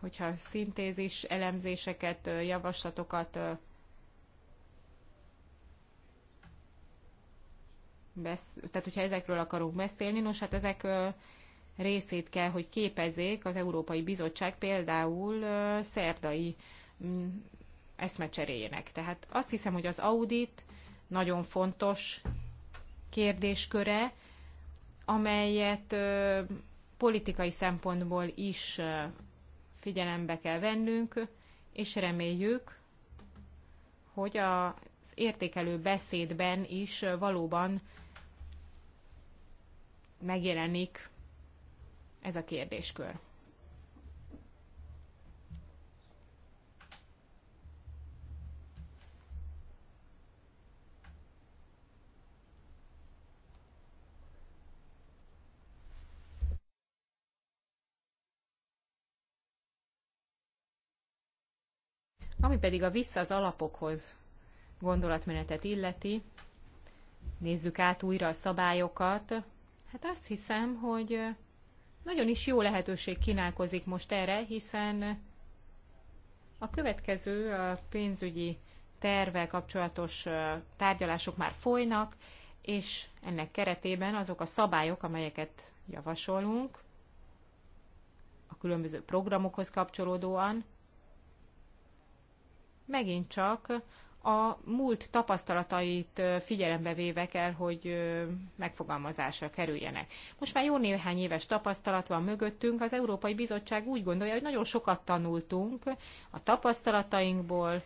Speaker 3: hogyha szintézis, elemzéseket, javaslatokat besz, tehát hogyha ezekről akarunk beszélni, nos hát ezek részét kell, hogy képezzék az Európai Bizottság például szerdai mm, eszmecseréjének. Tehát azt hiszem, hogy az audit nagyon fontos kérdésköre, amelyet politikai szempontból is figyelembe kell vennünk, és reméljük, hogy az értékelő beszédben is valóban megjelenik ez a kérdéskör. Ami pedig a vissza az alapokhoz gondolatmenetet illeti, nézzük át újra a szabályokat. Hát azt hiszem, hogy nagyon is jó lehetőség kínálkozik most erre, hiszen a következő a pénzügyi tervvel kapcsolatos tárgyalások már folynak, és ennek keretében azok a szabályok, amelyeket javasolunk, a különböző programokhoz kapcsolódóan, megint csak a múlt tapasztalatait figyelembe véve kell, hogy megfogalmazásra kerüljenek. Most már jó néhány éves tapasztalat van mögöttünk. Az Európai Bizottság úgy gondolja, hogy nagyon sokat tanultunk a tapasztalatainkból,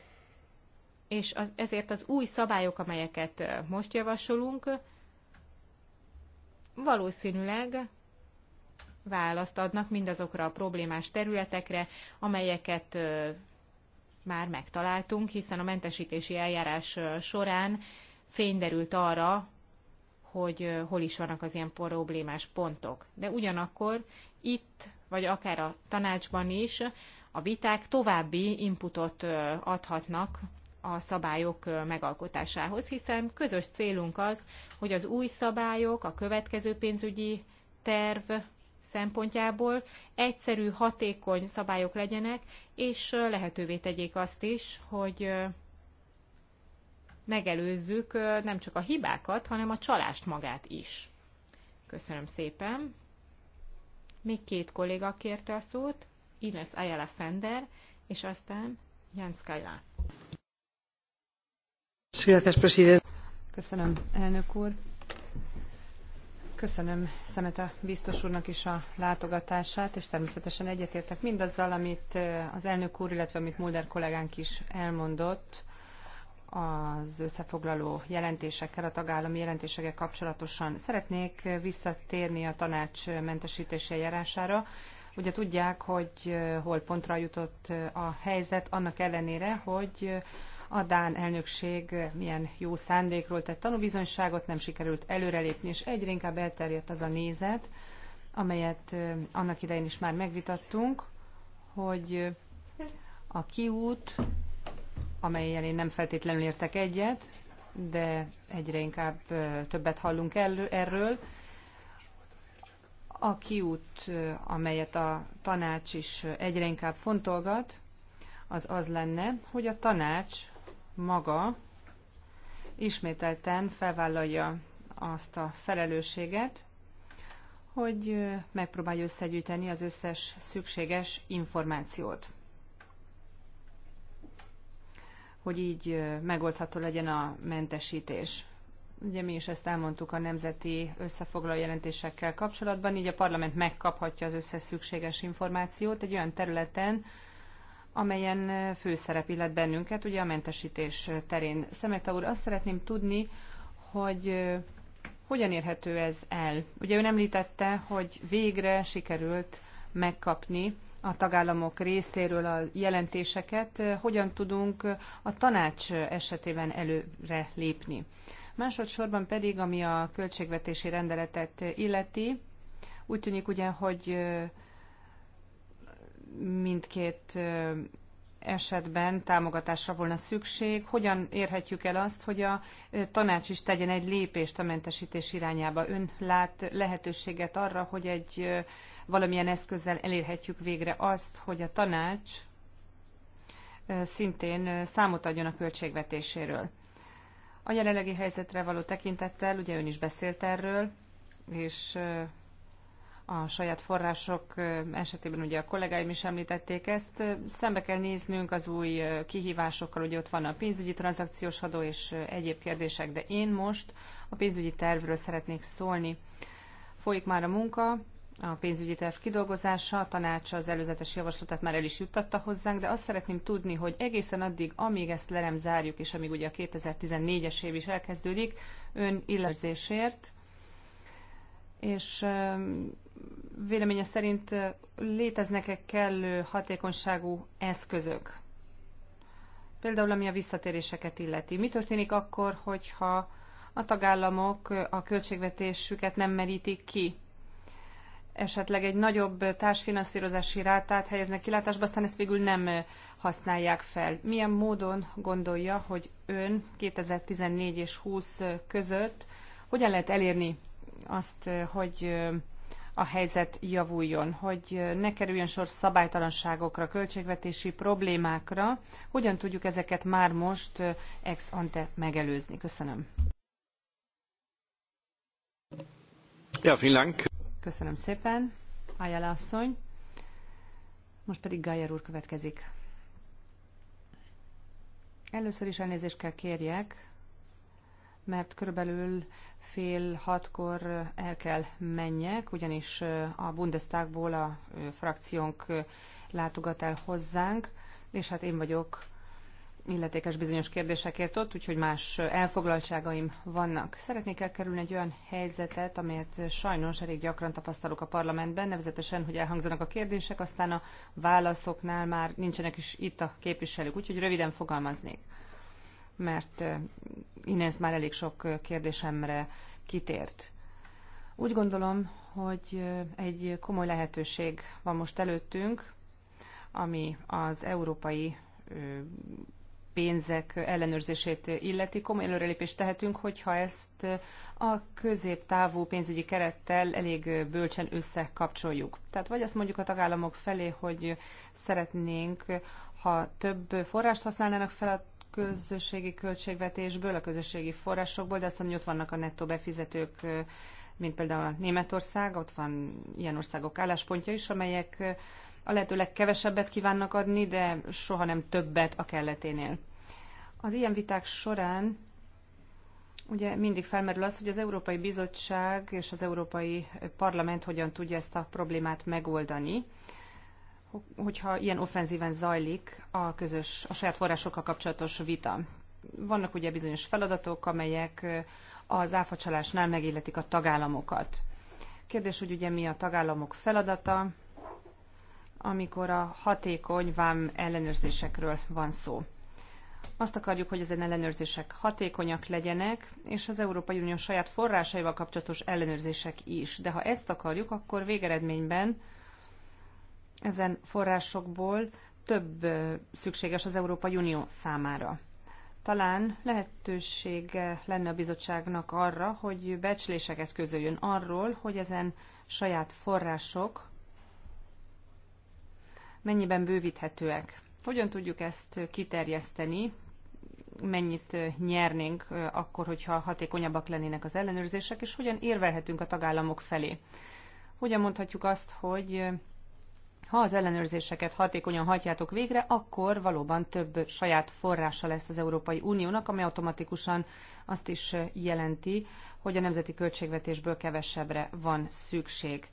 Speaker 3: és ezért az új szabályok, amelyeket most javasolunk, valószínűleg választ adnak mindazokra a problémás területekre, amelyeket már megtaláltunk, hiszen a mentesítési eljárás során fényderült arra, hogy hol is vannak az ilyen problémás pontok. De ugyanakkor itt, vagy akár a tanácsban is a viták további inputot adhatnak a szabályok megalkotásához, hiszen közös célunk az, hogy az új szabályok, a következő pénzügyi terv szempontjából egyszerű, hatékony szabályok legyenek, és lehetővé tegyék azt is, hogy megelőzzük nem csak a hibákat, hanem a csalást magát is. Köszönöm szépen. Még két kolléga kérte a szót, Ines Ayala Sender, és aztán Jan Skyla.
Speaker 2: Köszönöm, elnök úr. Köszönöm Szemeta biztos úrnak is a látogatását, és természetesen egyetértek mindazzal, amit az elnök úr, illetve amit Mulder kollégánk is elmondott az összefoglaló jelentésekkel, a tagállami jelentésekkel kapcsolatosan. Szeretnék visszatérni a tanács mentesítési eljárására. Ugye tudják, hogy hol pontra jutott a helyzet, annak ellenére, hogy a Dán elnökség milyen jó szándékról tett tanúbizonyságot, nem sikerült előrelépni, és egyre inkább elterjedt az a nézet, amelyet annak idején is már megvitattunk, hogy a kiút, amelyen én nem feltétlenül értek egyet, de egyre inkább többet hallunk erről, a kiút, amelyet a tanács is egyre inkább fontolgat, az az lenne, hogy a tanács maga ismételten felvállalja azt a felelősséget, hogy megpróbálja összegyűjteni az összes szükséges információt. Hogy így megoldható legyen a mentesítés. Ugye mi is ezt elmondtuk a nemzeti összefoglaló jelentésekkel kapcsolatban, így a parlament megkaphatja az összes szükséges információt egy olyan területen, amelyen főszerep illet bennünket, ugye a mentesítés terén. Szemeta úr, azt szeretném tudni, hogy hogyan érhető ez el? Ugye ön említette, hogy végre sikerült megkapni a tagállamok részéről a jelentéseket, hogyan tudunk a tanács esetében előre lépni. Másodszorban pedig, ami a költségvetési rendeletet illeti, úgy tűnik ugye, hogy mindkét esetben támogatásra volna szükség. Hogyan érhetjük el azt, hogy a tanács is tegyen egy lépést a mentesítés irányába? Ön lát lehetőséget arra, hogy egy valamilyen eszközzel elérhetjük végre azt, hogy a tanács szintén számot adjon a költségvetéséről. A jelenlegi helyzetre való tekintettel, ugye ön is beszélt erről, és a saját források esetében ugye a kollégáim is említették ezt, szembe kell néznünk az új kihívásokkal, ugye ott van a pénzügyi tranzakciós adó és egyéb kérdések, de én most a pénzügyi tervről szeretnék szólni. Folyik már a munka, a pénzügyi terv kidolgozása, a tanács az előzetes javaslatát már el is juttatta hozzánk, de azt szeretném tudni, hogy egészen addig, amíg ezt lerem zárjuk, és amíg ugye a 2014-es év is elkezdődik, ön illetőzésért, és véleménye szerint léteznek-e kellő hatékonyságú eszközök? Például ami a visszatéréseket illeti. Mi történik akkor, hogyha a tagállamok a költségvetésüket nem merítik ki? Esetleg egy nagyobb társfinanszírozási rátát helyeznek kilátásba, aztán ezt végül nem használják fel. Milyen módon gondolja, hogy ön 2014 és 20 között hogyan lehet elérni azt, hogy a helyzet javuljon, hogy ne kerüljön sor szabálytalanságokra, költségvetési problémákra. Hogyan tudjuk ezeket már most ex ante megelőzni? Köszönöm. Ja, vielen Dank. Köszönöm szépen, Ayala asszony. Most pedig Gájer úr következik. Először is elnézést kell kérjek, mert körülbelül fél hatkor el kell menjek, ugyanis a Bundestagból a frakciónk látogat el hozzánk, és hát én vagyok illetékes bizonyos kérdésekért ott, úgyhogy más elfoglaltságaim vannak. Szeretnék elkerülni egy olyan helyzetet, amelyet sajnos elég gyakran tapasztalok a parlamentben, nevezetesen, hogy elhangzanak a kérdések, aztán a válaszoknál már nincsenek is itt a képviselők, úgyhogy röviden fogalmaznék mert eh, Inez már elég sok eh, kérdésemre kitért. Úgy gondolom, hogy eh, egy komoly lehetőség van most előttünk, ami az európai pénzek ellenőrzését illeti. Komoly előrelépést tehetünk, hogyha ezt a középtávú pénzügyi kerettel elég bölcsen összekapcsoljuk. Tehát vagy azt mondjuk a tagállamok felé, hogy szeretnénk, ha több forrást használnának fel a közösségi költségvetésből, a közösségi forrásokból, de azt hiszem, hogy ott vannak a nettó befizetők, mint például a Németország, ott van ilyen országok álláspontja is, amelyek a lehető legkevesebbet kívánnak adni, de soha nem többet a kelleténél. Az ilyen viták során ugye mindig felmerül az, hogy az Európai Bizottság és az Európai Parlament hogyan tudja ezt a problémát megoldani hogyha ilyen offenzíven zajlik a közös, a saját forrásokkal kapcsolatos vita. Vannak ugye bizonyos feladatok, amelyek az áfacsalásnál megilletik a tagállamokat. Kérdés, hogy ugye mi a tagállamok feladata, amikor a hatékony vám ellenőrzésekről van szó. Azt akarjuk, hogy ezen ellenőrzések hatékonyak legyenek, és az Európai Unió saját forrásaival kapcsolatos ellenőrzések is. De ha ezt akarjuk, akkor végeredményben ezen forrásokból több szükséges az Európai Unió számára. Talán lehetőség lenne a bizottságnak arra, hogy becsléseket közöljön arról, hogy ezen saját források mennyiben bővíthetőek. Hogyan tudjuk ezt kiterjeszteni, mennyit nyernénk akkor, hogyha hatékonyabbak lennének az ellenőrzések, és hogyan érvelhetünk a tagállamok felé. Hogyan mondhatjuk azt, hogy ha az ellenőrzéseket hatékonyan hajtjátok végre, akkor valóban több saját forrása lesz az Európai Uniónak, ami automatikusan azt is jelenti, hogy a nemzeti költségvetésből kevesebbre van szükség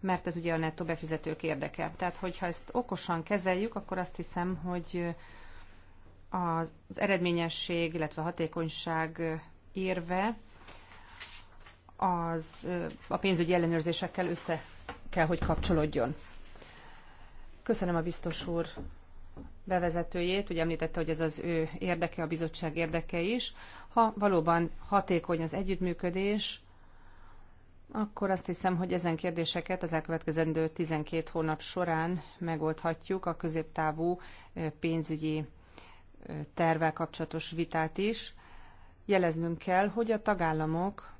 Speaker 2: mert ez ugye a nettó befizetők érdeke. Tehát, hogyha ezt okosan kezeljük, akkor azt hiszem, hogy az eredményesség, illetve a hatékonyság érve az a pénzügyi ellenőrzésekkel össze kell, hogy kapcsolódjon. Köszönöm a biztos úr bevezetőjét, ugye említette, hogy ez az ő érdeke, a bizottság érdeke is. Ha valóban hatékony az együttműködés, akkor azt hiszem, hogy ezen kérdéseket az elkövetkezendő 12 hónap során megoldhatjuk a középtávú pénzügyi tervvel kapcsolatos vitát is. Jeleznünk kell, hogy a tagállamok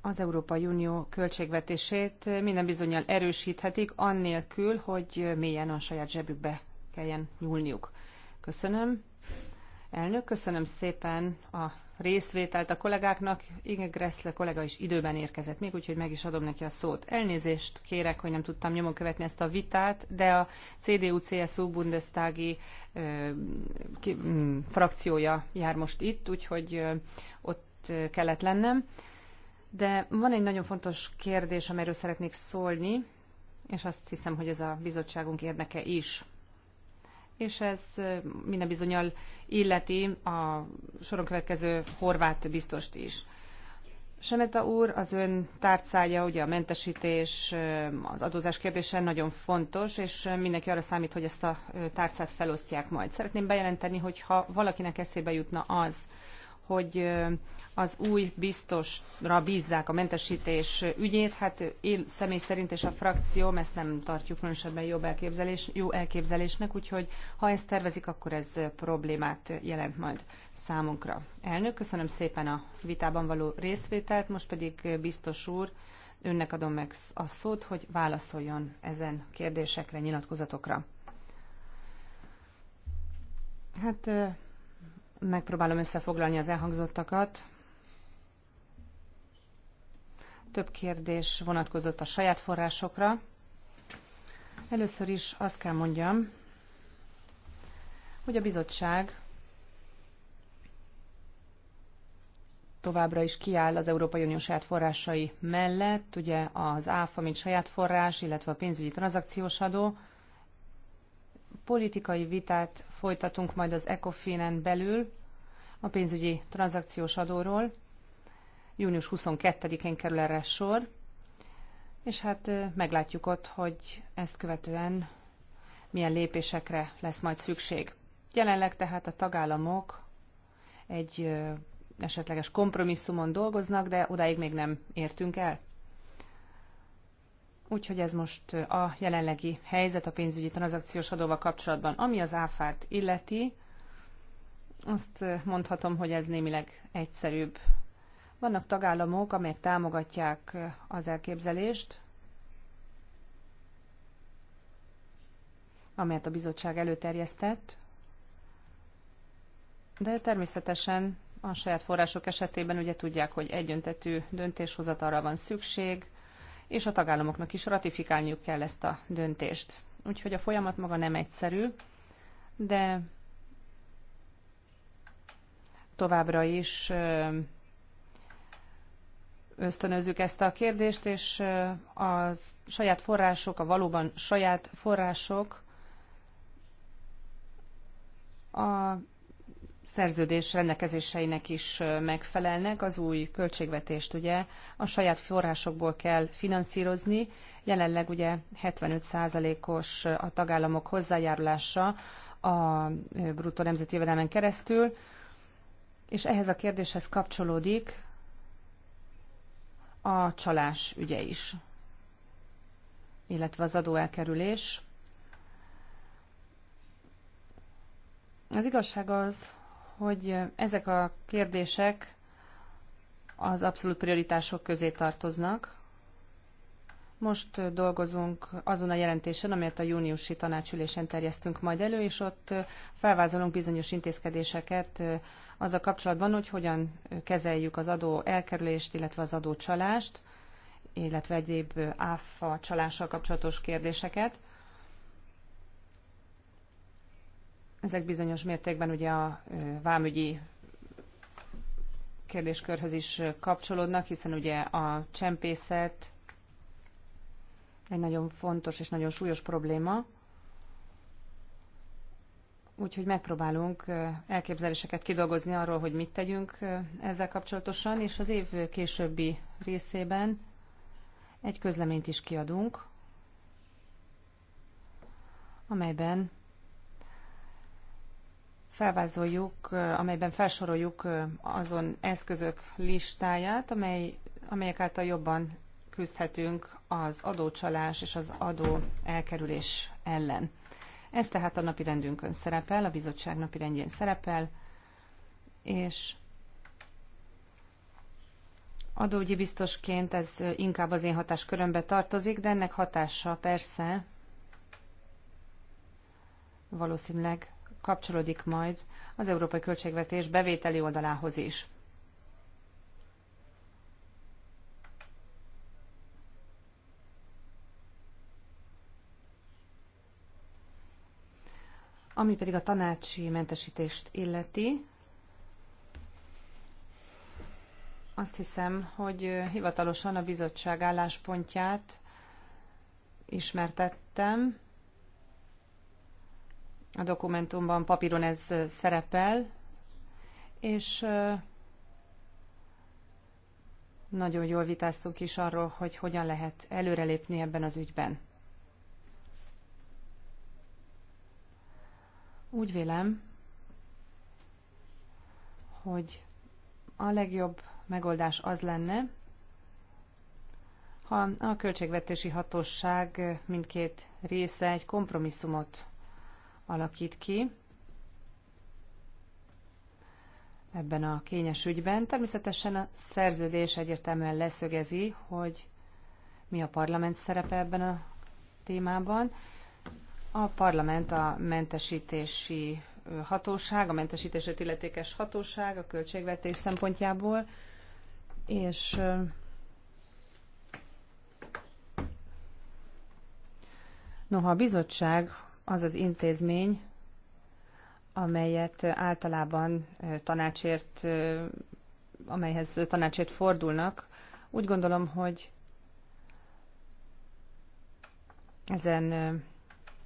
Speaker 2: az Európai Unió költségvetését minden bizonyal erősíthetik, annélkül, hogy mélyen a saját zsebükbe kelljen nyúlniuk. Köszönöm. Elnök, köszönöm szépen a részvételt a kollégáknak. Igen, Gressle kollega is időben érkezett még, úgyhogy meg is adom neki a szót. Elnézést kérek, hogy nem tudtam nyomon követni ezt a vitát, de a CDU-CSU bundesztági ö, ki, m, frakciója jár most itt, úgyhogy ö, ott kellett lennem. De van egy nagyon fontos kérdés, amelyről szeretnék szólni, és azt hiszem, hogy ez a bizottságunk érdeke is. És ez minden bizonyal illeti a soron következő horvát biztost is. Semeta úr, az ön tárcája, ugye a mentesítés, az adózás kérdése nagyon fontos, és mindenki arra számít, hogy ezt a tárcát felosztják majd. Szeretném bejelenteni, hogy ha valakinek eszébe jutna az, hogy az új biztosra bízzák a mentesítés ügyét. Hát én személy szerint és a frakcióm ezt nem tartjuk különösebben jobb elképzelés, jó elképzelésnek, úgyhogy ha ezt tervezik, akkor ez problémát jelent majd számunkra. Elnök, köszönöm szépen a vitában való részvételt, most pedig biztos úr, önnek adom meg a szót, hogy válaszoljon ezen kérdésekre, nyilatkozatokra. Hát Megpróbálom összefoglalni az elhangzottakat. Több kérdés vonatkozott a saját forrásokra. Először is azt kell mondjam, hogy a bizottság továbbra is kiáll az Európai Unió saját forrásai mellett, ugye az ÁFA, mint saját forrás, illetve a pénzügyi tranzakciós adó, politikai vitát folytatunk majd az ECOFIN-en belül a pénzügyi tranzakciós adóról. Június 22-én kerül erre sor, és hát meglátjuk ott, hogy ezt követően milyen lépésekre lesz majd szükség. Jelenleg tehát a tagállamok egy esetleges kompromisszumon dolgoznak, de odáig még nem értünk el. Úgyhogy ez most a jelenlegi helyzet a pénzügyi tranzakciós adóval kapcsolatban. Ami az áfát illeti, azt mondhatom, hogy ez némileg egyszerűbb. Vannak tagállamok, amelyek támogatják az elképzelést, amelyet a bizottság előterjesztett, de természetesen a saját források esetében ugye tudják, hogy egyöntetű döntéshozatalra van szükség, és a tagállamoknak is ratifikálniuk kell ezt a döntést. Úgyhogy a folyamat maga nem egyszerű, de továbbra is ösztönözzük ezt a kérdést, és a saját források, a valóban saját források a szerződés rendelkezéseinek is megfelelnek. Az új költségvetést ugye a saját forrásokból kell finanszírozni. Jelenleg ugye 75%-os a tagállamok hozzájárulása a bruttó nemzeti jövedelmen keresztül, és ehhez a kérdéshez kapcsolódik a csalás ügye is, illetve az adóelkerülés. Az igazság az, hogy ezek a kérdések az abszolút prioritások közé tartoznak. Most dolgozunk azon a jelentésen, amelyet a júniusi tanácsülésen terjesztünk majd elő, és ott felvázolunk bizonyos intézkedéseket az a kapcsolatban, hogy hogyan kezeljük az adó elkerülést, illetve az adócsalást, illetve egyéb áfa csalással kapcsolatos kérdéseket. Ezek bizonyos mértékben ugye a vámügyi kérdéskörhöz is kapcsolódnak, hiszen ugye a csempészet egy nagyon fontos és nagyon súlyos probléma. Úgyhogy megpróbálunk elképzeléseket kidolgozni arról, hogy mit tegyünk ezzel kapcsolatosan, és az év későbbi részében egy közleményt is kiadunk, amelyben felvázoljuk, eh, amelyben felsoroljuk eh, azon eszközök listáját, amely, amelyek által jobban küzdhetünk az adócsalás és az adó elkerülés ellen. Ez tehát a napi rendünkön szerepel, a bizottság napi rendjén szerepel, és adógyi biztosként ez inkább az én hatáskörömbe tartozik, de ennek hatása persze valószínűleg kapcsolódik majd az európai költségvetés bevételi oldalához is. Ami pedig a tanácsi mentesítést illeti, azt hiszem, hogy hivatalosan a bizottság álláspontját ismertettem. A dokumentumban papíron ez szerepel, és nagyon jól vitáztunk is arról, hogy hogyan lehet előrelépni ebben az ügyben. Úgy vélem, hogy a legjobb megoldás az lenne, ha a költségvetési hatóság mindkét része egy kompromisszumot alakít ki ebben a kényes ügyben. Természetesen a szerződés egyértelműen leszögezi, hogy mi a parlament szerepe ebben a témában. A parlament a mentesítési hatóság, a mentesítését illetékes hatóság a költségvetés szempontjából, és noha a bizottság az az intézmény, amelyet általában tanácsért, amelyhez tanácsért fordulnak. Úgy gondolom, hogy ezen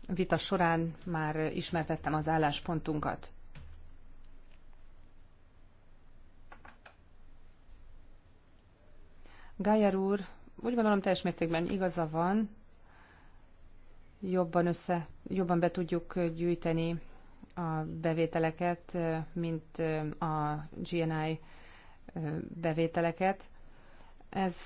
Speaker 2: vita során már ismertettem az álláspontunkat. Gájár úr, úgy gondolom teljes mértékben igaza van, jobban, össze, jobban be tudjuk gyűjteni a bevételeket, mint a GNI bevételeket. Ez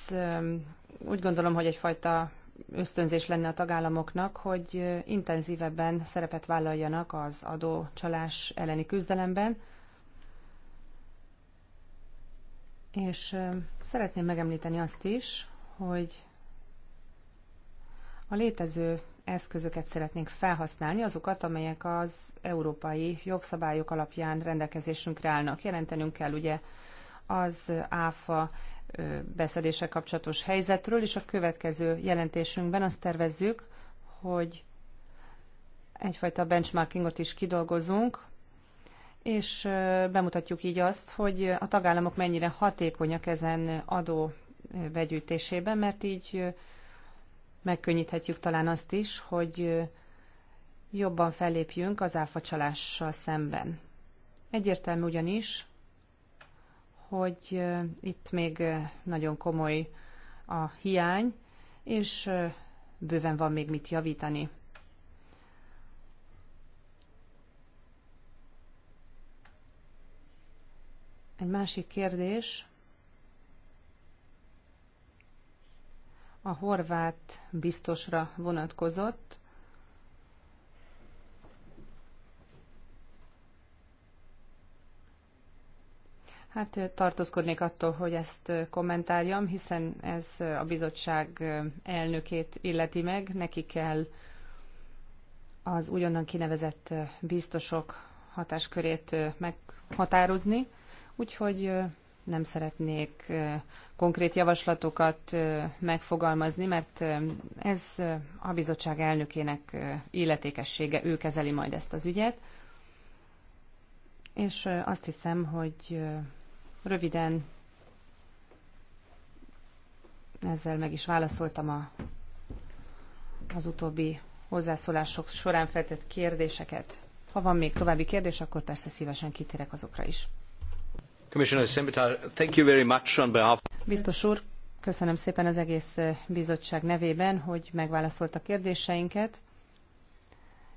Speaker 2: úgy gondolom, hogy egyfajta ösztönzés lenne a tagállamoknak, hogy intenzívebben szerepet vállaljanak az adócsalás elleni küzdelemben. És szeretném megemlíteni azt is, hogy a létező eszközöket szeretnénk felhasználni, azokat, amelyek az európai jogszabályok alapján rendelkezésünkre állnak. Jelentenünk kell ugye az áfa beszedése kapcsolatos helyzetről, és a következő jelentésünkben azt tervezzük, hogy egyfajta benchmarkingot is kidolgozunk, és bemutatjuk így azt, hogy a tagállamok mennyire hatékonyak ezen adó begyűjtésében, mert így megkönnyíthetjük talán azt is, hogy jobban fellépjünk az áfacsalással szemben. Egyértelmű ugyanis, hogy itt még nagyon komoly a hiány, és bőven van még mit javítani. Egy másik kérdés a horvát biztosra vonatkozott. Hát tartózkodnék attól, hogy ezt kommentáljam, hiszen ez a bizottság elnökét illeti meg, neki kell az újonnan kinevezett biztosok hatáskörét meghatározni, úgyhogy nem szeretnék konkrét javaslatokat megfogalmazni, mert ez a bizottság elnökének illetékessége, ő kezeli majd ezt az ügyet. És azt hiszem, hogy röviden ezzel meg is válaszoltam a, az utóbbi hozzászólások során feltett kérdéseket. Ha van még további kérdés, akkor persze szívesen kitérek azokra is. Biztos úr, köszönöm szépen az egész eh, bizottság nevében, hogy megválaszolt a kérdéseinket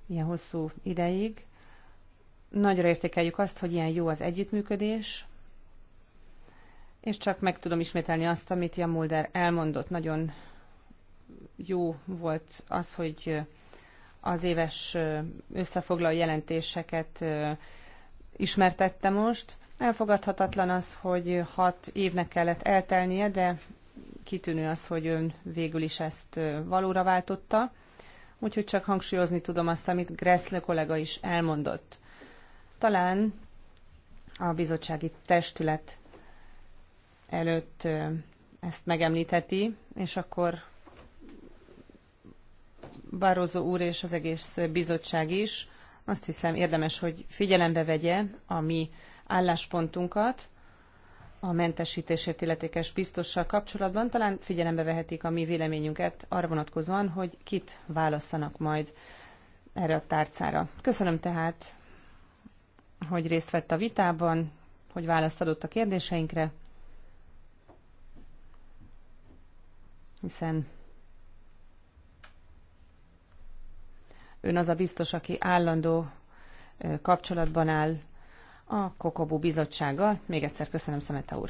Speaker 2: ilyen hosszú ideig. Nagyra értékeljük azt, hogy ilyen jó az együttműködés, és csak meg tudom ismételni azt, amit Jan Mulder elmondott. Nagyon jó volt az, hogy eh, az éves eh, összefoglaló jelentéseket ismertette most. Elfogadhatatlan az, hogy hat évnek kellett eltelnie, de kitűnő az, hogy ön végül is ezt valóra váltotta. Úgyhogy csak hangsúlyozni tudom azt, amit Gressle kollega is elmondott. Talán a bizottsági testület előtt ezt megemlítheti, és akkor Barozó úr és az egész bizottság is azt hiszem érdemes, hogy figyelembe vegye a mi álláspontunkat a mentesítésért illetékes biztossal kapcsolatban. Talán figyelembe vehetik a mi véleményünket arra vonatkozóan, hogy kit választanak majd erre a tárcára. Köszönöm tehát, hogy részt vett a vitában, hogy választ adott a kérdéseinkre, hiszen ön az a biztos, aki állandó kapcsolatban áll a Kokobu bizottsággal. Még egyszer köszönöm Szemete úr.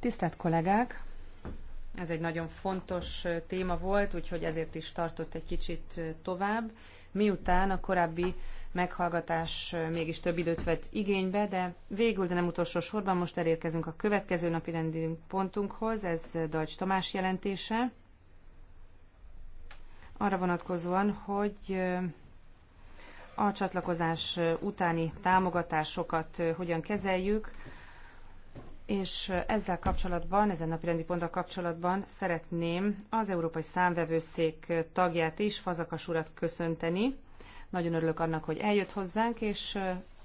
Speaker 2: Tisztelt kollégák! Ez egy nagyon fontos téma volt, úgyhogy ezért is tartott egy kicsit tovább. Miután a korábbi meghallgatás mégis több időt vett igénybe, de végül, de nem utolsó sorban most elérkezünk a következő napi rendi pontunkhoz, ez Dajcs Tamás jelentése. Arra vonatkozóan, hogy a csatlakozás utáni támogatásokat hogyan kezeljük, és ezzel kapcsolatban, ezen napi rendi ponttal kapcsolatban szeretném az Európai Számvevőszék tagját is, Fazakas urat köszönteni. Nagyon örülök annak, hogy eljött hozzánk, és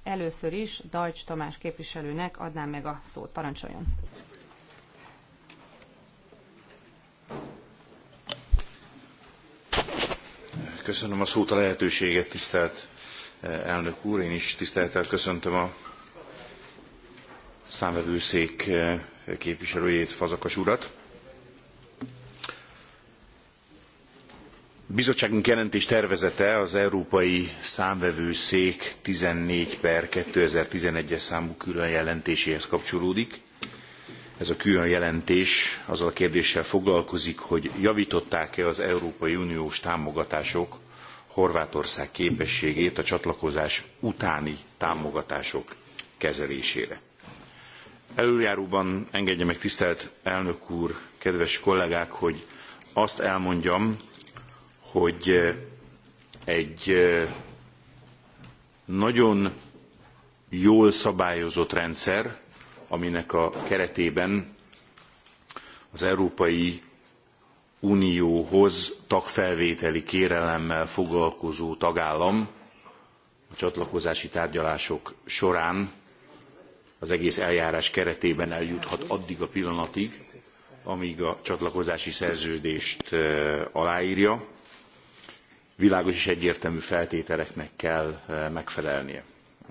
Speaker 2: először is Dajcs Tamás képviselőnek adnám meg a szót. Parancsoljon!
Speaker 4: Köszönöm a szót, a lehetőséget, tisztelt elnök úr. Én is tisztelettel köszöntöm a számvevőszék eh, képviselőjét, Fazakas urat. Bizottságunk jelentés tervezete az Európai Számvevőszék 14 per 2011-es számú külön jelentéséhez kapcsolódik. Ez a külön jelentés azzal a kérdéssel foglalkozik, hogy javították-e az Európai Uniós támogatások Horvátország képességét a csatlakozás utáni támogatások kezelésére. Előjáróban engedje meg tisztelt elnök úr, kedves kollégák, hogy azt elmondjam, hogy eh, egy eh, nagyon jól szabályozott rendszer, aminek a keretében az Európai Unióhoz tagfelvételi kérelemmel foglalkozó tagállam a csatlakozási tárgyalások során az egész eljárás keretében eljuthat addig a pillanatig, amíg a csatlakozási szerződést aláírja. Világos és egyértelmű feltételeknek kell megfelelnie.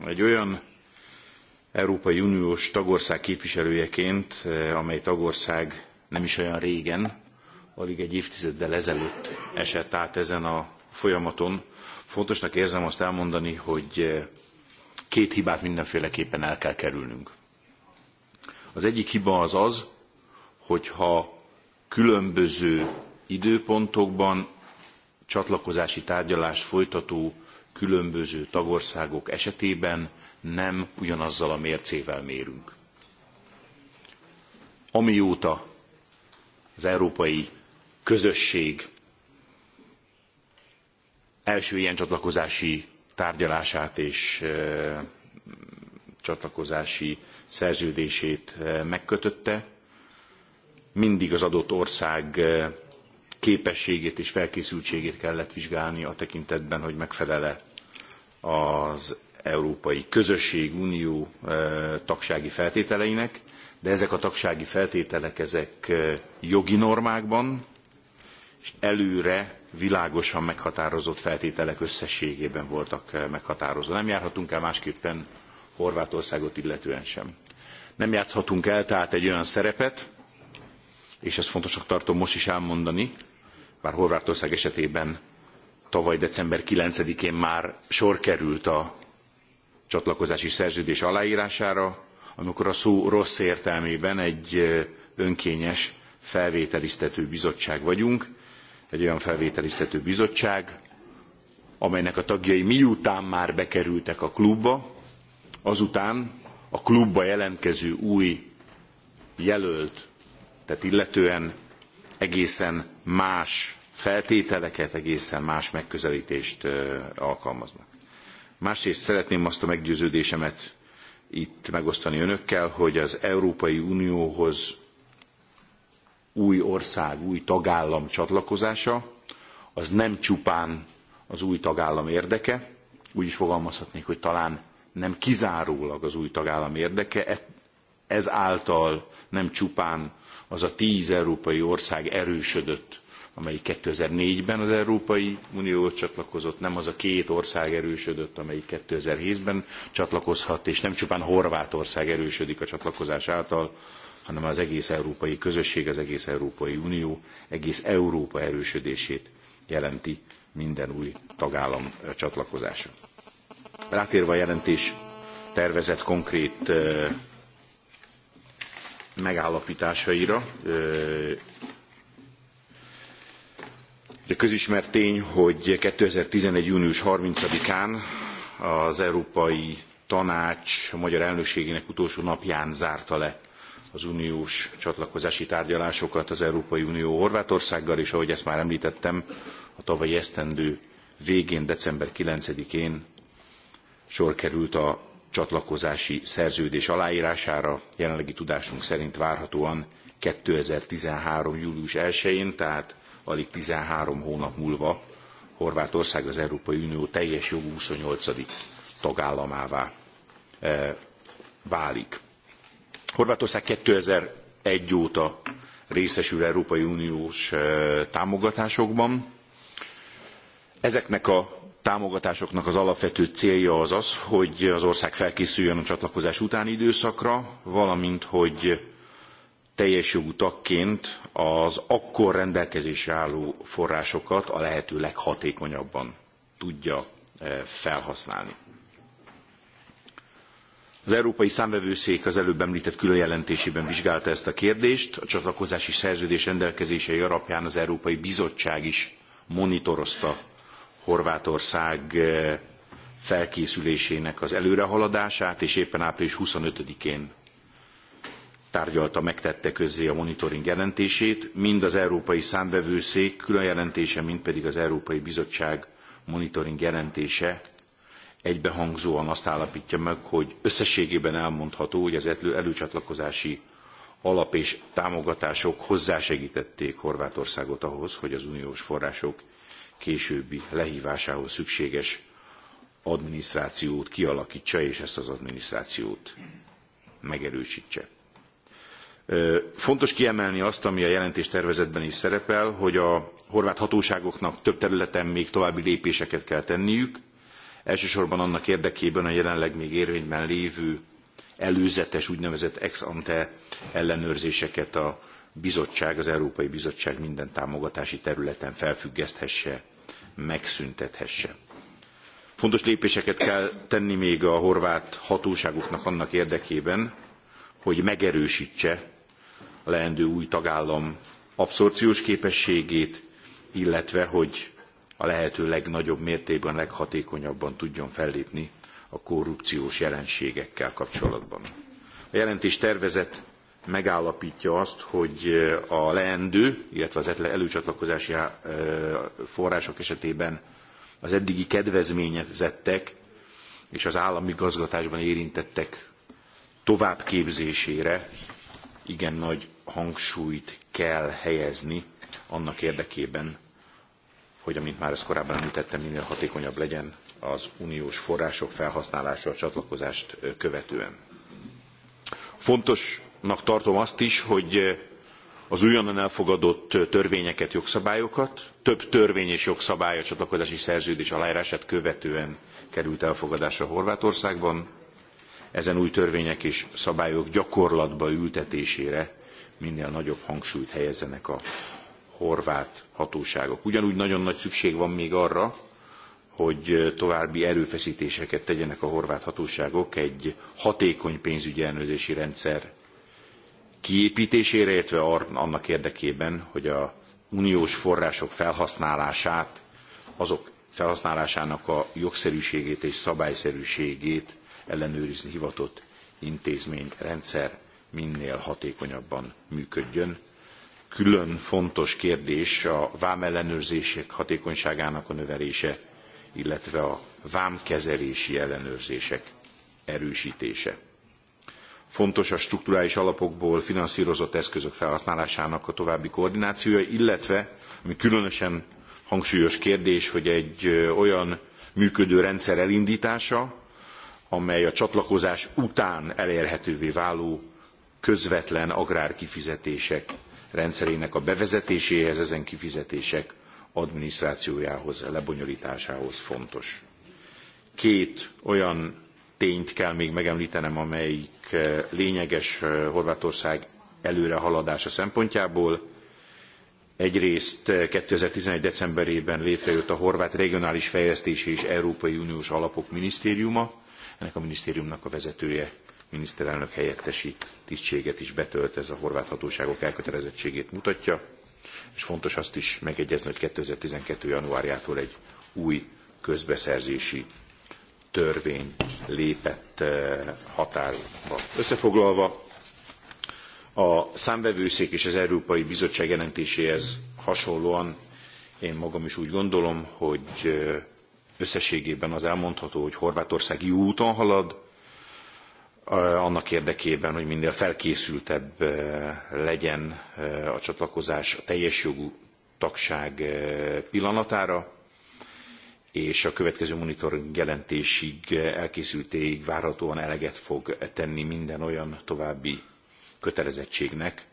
Speaker 4: Egy olyan Európai Uniós tagország képviselőjeként, amely tagország nem is olyan régen, alig egy évtizeddel ezelőtt esett át ezen a folyamaton. Fontosnak érzem azt elmondani, hogy Két hibát mindenféleképpen el kell kerülnünk. Az egyik hiba az az, hogyha különböző időpontokban csatlakozási tárgyalást folytató különböző tagországok esetében nem ugyanazzal a mércével mérünk. Amióta az európai közösség első ilyen csatlakozási tárgyalását és csatlakozási szerződését megkötötte. Mindig az adott ország képességét és felkészültségét kellett vizsgálni a tekintetben, hogy megfelele az Európai Közösség, Unió tagsági feltételeinek, de ezek a tagsági feltételek ezek jogi normákban, és előre világosan meghatározott feltételek összességében voltak eh, meghatározva. Nem járhatunk el másképpen Horvátországot illetően sem. Nem játszhatunk el tehát egy olyan szerepet, és ezt fontosnak tartom most is elmondani, bár Horvátország esetében tavaly december 9-én már sor került a csatlakozási szerződés aláírására, amikor a szó rossz értelmében egy eh, önkényes felvételiztető bizottság vagyunk, egy olyan felvételiztető bizottság, amelynek a tagjai miután már bekerültek a klubba, azután a klubba jelentkező új jelölt, tehát illetően egészen más feltételeket, egészen más megközelítést alkalmaznak. Másrészt szeretném azt a meggyőződésemet itt megosztani önökkel, hogy az Európai Unióhoz új ország, új tagállam csatlakozása, az nem csupán az új tagállam érdeke, úgy is fogalmazhatnék, hogy talán nem kizárólag az új tagállam érdeke, e- ez által nem csupán az a tíz európai ország erősödött, amelyik 2004-ben az Európai Unióhoz csatlakozott, nem az a két ország erősödött, amelyik 2007-ben csatlakozhat, és nem csupán Horvátország erősödik a csatlakozás által, hanem az egész európai közösség, az egész Európai Unió, egész Európa erősödését jelenti minden új tagállam csatlakozása. Rátérve a jelentés tervezett konkrét megállapításaira, de közismert tény, hogy 2011. június 30-án az Európai Tanács a magyar elnökségének utolsó napján zárta le az uniós csatlakozási tárgyalásokat az Európai Unió Horvátországgal, és ahogy ezt már említettem, a tavalyi esztendő végén, december 9-én sor került a csatlakozási szerződés aláírására, jelenlegi tudásunk szerint várhatóan 2013. július 1-én, tehát alig 13 hónap múlva Horvátország az Európai Unió teljes jogú 28. tagállamává eh, válik. Horvátország 2001 óta részesül Európai Uniós támogatásokban. Ezeknek a támogatásoknak az alapvető célja az az, hogy az ország felkészüljön a csatlakozás utáni időszakra, valamint hogy teljes jogú tagként az akkor rendelkezésre álló forrásokat a lehető leghatékonyabban tudja felhasználni. Az Európai Számvevőszék az előbb említett külön jelentésében vizsgálta ezt a kérdést, a csatlakozási szerződés rendelkezései alapján az Európai Bizottság is monitorozta Horvátország eh, felkészülésének az előrehaladását, és éppen április 25-én tárgyalta, megtette közzé a monitoring jelentését, mind az Európai Számvevőszék külön jelentése, mind pedig az Európai Bizottság monitoring jelentése egybehangzóan azt állapítja meg, hogy összességében elmondható, hogy az előcsatlakozási alap és támogatások hozzásegítették Horvátországot ahhoz, hogy az uniós források későbbi lehívásához szükséges adminisztrációt kialakítsa, és ezt az adminisztrációt megerősítse. Fontos kiemelni azt, ami a jelentés tervezetben is szerepel, hogy a horvát hatóságoknak több területen még további lépéseket kell tenniük, elsősorban annak érdekében a jelenleg még érvényben lévő előzetes úgynevezett ex ante ellenőrzéseket a bizottság, az Európai Bizottság minden támogatási területen felfüggeszthesse, megszüntethesse. Fontos lépéseket kell tenni még a horvát hatóságoknak annak érdekében, hogy megerősítse a leendő új tagállam abszorpciós képességét, illetve hogy a lehető legnagyobb mértékben, leghatékonyabban tudjon fellépni a korrupciós jelenségekkel kapcsolatban. A jelentés tervezet megállapítja azt, hogy eh, a leendő, illetve az előcsatlakozási eh, források esetében az eddigi kedvezményezettek és az állami gazgatásban érintettek továbbképzésére igen nagy hangsúlyt kell helyezni annak érdekében, hogy, amint már ezt korábban említettem, minél hatékonyabb legyen az uniós források felhasználása a csatlakozást követően. Fontosnak tartom azt is, hogy az újonnan elfogadott törvényeket, jogszabályokat, több törvény és jogszabály a csatlakozási szerződés aláírását követően került elfogadásra Horvátországban. Ezen új törvények és szabályok gyakorlatba ültetésére minél nagyobb hangsúlyt helyezzenek a horvát hatóságok. Ugyanúgy nagyon nagy szükség van még arra, hogy további erőfeszítéseket tegyenek a horvát hatóságok egy hatékony pénzügyi ellenőrzési rendszer kiépítésére, illetve annak érdekében, hogy a uniós források felhasználását, azok felhasználásának a jogszerűségét és szabályszerűségét ellenőrizni hivatott intézményrendszer minél hatékonyabban működjön külön fontos kérdés a vámellenőrzések hatékonyságának a növelése, illetve a vámkezelési ellenőrzések erősítése. Fontos a strukturális alapokból finanszírozott eszközök felhasználásának a további koordinációja, illetve, ami különösen hangsúlyos kérdés, hogy egy olyan működő rendszer elindítása, amely a csatlakozás után elérhetővé váló közvetlen agrárkifizetések rendszerének a bevezetéséhez, ezen kifizetések adminisztrációjához, lebonyolításához fontos. Két olyan tényt kell még megemlítenem, amelyik eh, lényeges eh, Horvátország előrehaladása szempontjából. Egyrészt 2011. Eh, decemberében létrejött a Horvát Regionális Fejlesztési és Európai Uniós Alapok Minisztériuma, ennek a minisztériumnak a vezetője miniszterelnök helyettesi tisztséget is betölt, ez a horvát hatóságok elkötelezettségét mutatja, és fontos azt is megegyezni, hogy 2012. januárjától egy új közbeszerzési törvény lépett eh, hatályba. Összefoglalva, a számvevőszék és az Európai Bizottság jelentéséhez hasonlóan én magam is úgy gondolom, hogy eh, összességében az elmondható, hogy Horvátország jó úton halad, annak érdekében, hogy minél felkészültebb legyen a csatlakozás a teljes jogú tagság pillanatára, és a következő monitoring jelentésig elkészültéig várhatóan eleget fog tenni minden olyan további kötelezettségnek,